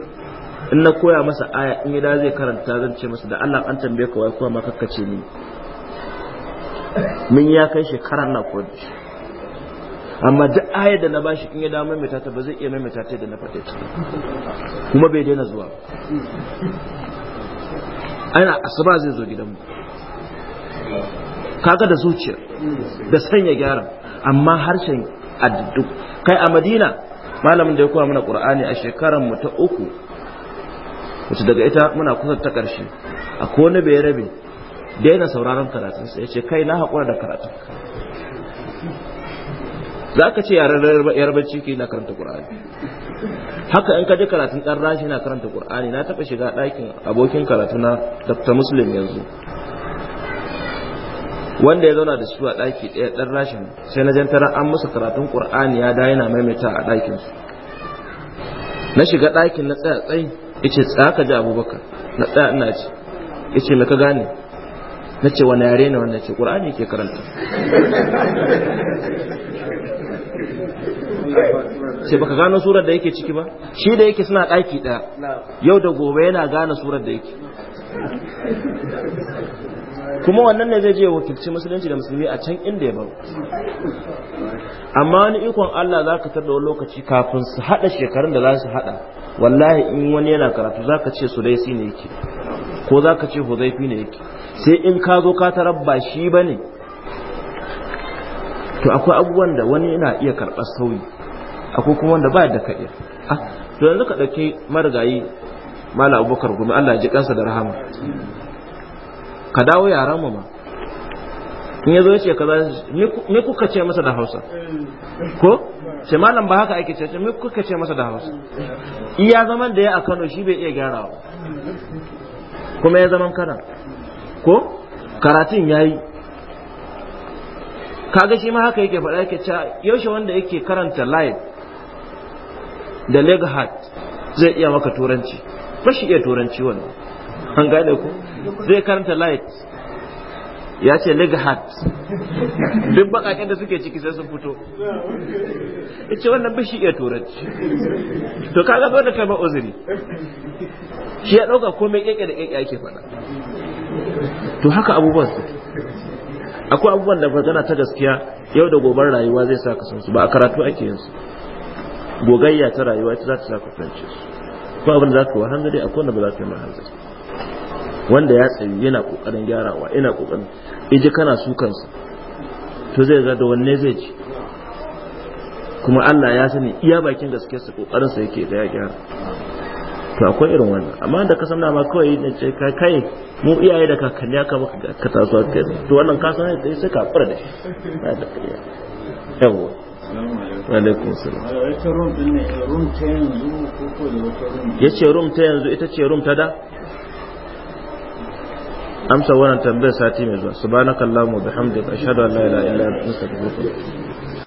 in na koya masa aya in gida zai karanta zan ce masa da Allah an tambaye ka wai kuma ma ni mun ya kai shekarar na ko shi amma duk ayar da na bashi in ya dawo maimaita ta ba zai iya maimaita ta da na faɗe ta kuma bai daina zuwa ana asuba zai zo gidan gidanmu kaga da zuciya da sanya gyara amma harshen addu kai a madina malamin da ya koya mana qur'ani a shekarar mu ta uku daga ita muna kusa ta ƙarshe akwai wani bai rabe daina sauraron karatun ya ce kai na haƙura da karatun za ka ce yaren yarbanci ke na karanta ƙur'ani haka in ka ji karatun ɗan rashi na karanta ƙur'ani na taɓa shiga ɗakin abokin karatu na dr musulun yanzu wanda ya zauna da su a ɗaki ɗaya ɗan rashin sai na tara an musu karatun ƙur'ani ya da yana maimaita a ɗakin su na shiga ɗakin na tsaya tsayi ya ce ka ji abubakar na tsaya ina ce ce me ka gane na ce wani yare ne wanda ce ƙur'ani ke karanta sai baka gano surar da yake ciki ba shi da yake suna ɗaki ɗaya yau da gobe yana gane surar da yake kuma wannan ne zai je wakilci musulunci da musulmi a can inda ya baro amma wani ikon Allah za ka tarda wani lokaci kafin su haɗa shekarun da za su haɗa wallahi in wani yana karatu za ka ce su ne yake ko za ka ce huzaifi ne yake sai in ka zo ka tarabba shi ba ne to akwai abubuwan da wani yana iya karɓar sauyi akwai kuma wanda ba da ka iya ah, to yanzu ka ɗauki marigayi mala abubakar gumi allah ji kansa da rahama ka dawo yaran mu ma in ya zo ya ce ka za me kuka ce masa da hausa ko ce malam ba haka ake ce me kuka ce masa da hausa iya zaman da ya a kano shi bai iya gyarawa kuma ya zaman kanan ko karatun yayi kaga shi ma haka yake faɗa yake cewa yaushe wanda yake karanta live da leg hat zai iya maka turanci ba shi iya turanci wannan an gane ku zai karanta light ya ce leg hat duk bakaken da suke ciki sai sun fito ya ce wannan ba shi iya turanci to kaga zo da kai ba uzuri shi ya ɗauka komai keke da keke ake faɗa to haka abubuwan su akwai abubuwan da magana ta gaskiya yau da gobar rayuwa zai sa ka su ba a karatu ake yin su gogayya ta rayuwa ita za ta sa ka fahimce su ko abin da za ka wahan dai akwai wanda ba za ka yi mahanzari wanda ya tsayi yana kokarin gyarawa yana kokarin iji kana su kansa to zai ga da wanne zai ci kuma Allah ya sani iya bakin gaskiyarsa sa yake da ya gyara to akwai irin wannan amma da ka san ma kawai na ce kai kai mu iyaye da kakanni aka maka ka taso yi. to wannan ka san sai sai ka fara da shi yawa alaikum salam ya ce rum ta yanzu ita ce rum ta da amsa wannan tambayar sati mai zuwa subhanakallahumma bihamdika ashhadu an la ilaha illa anta astaghfiruka wa atubu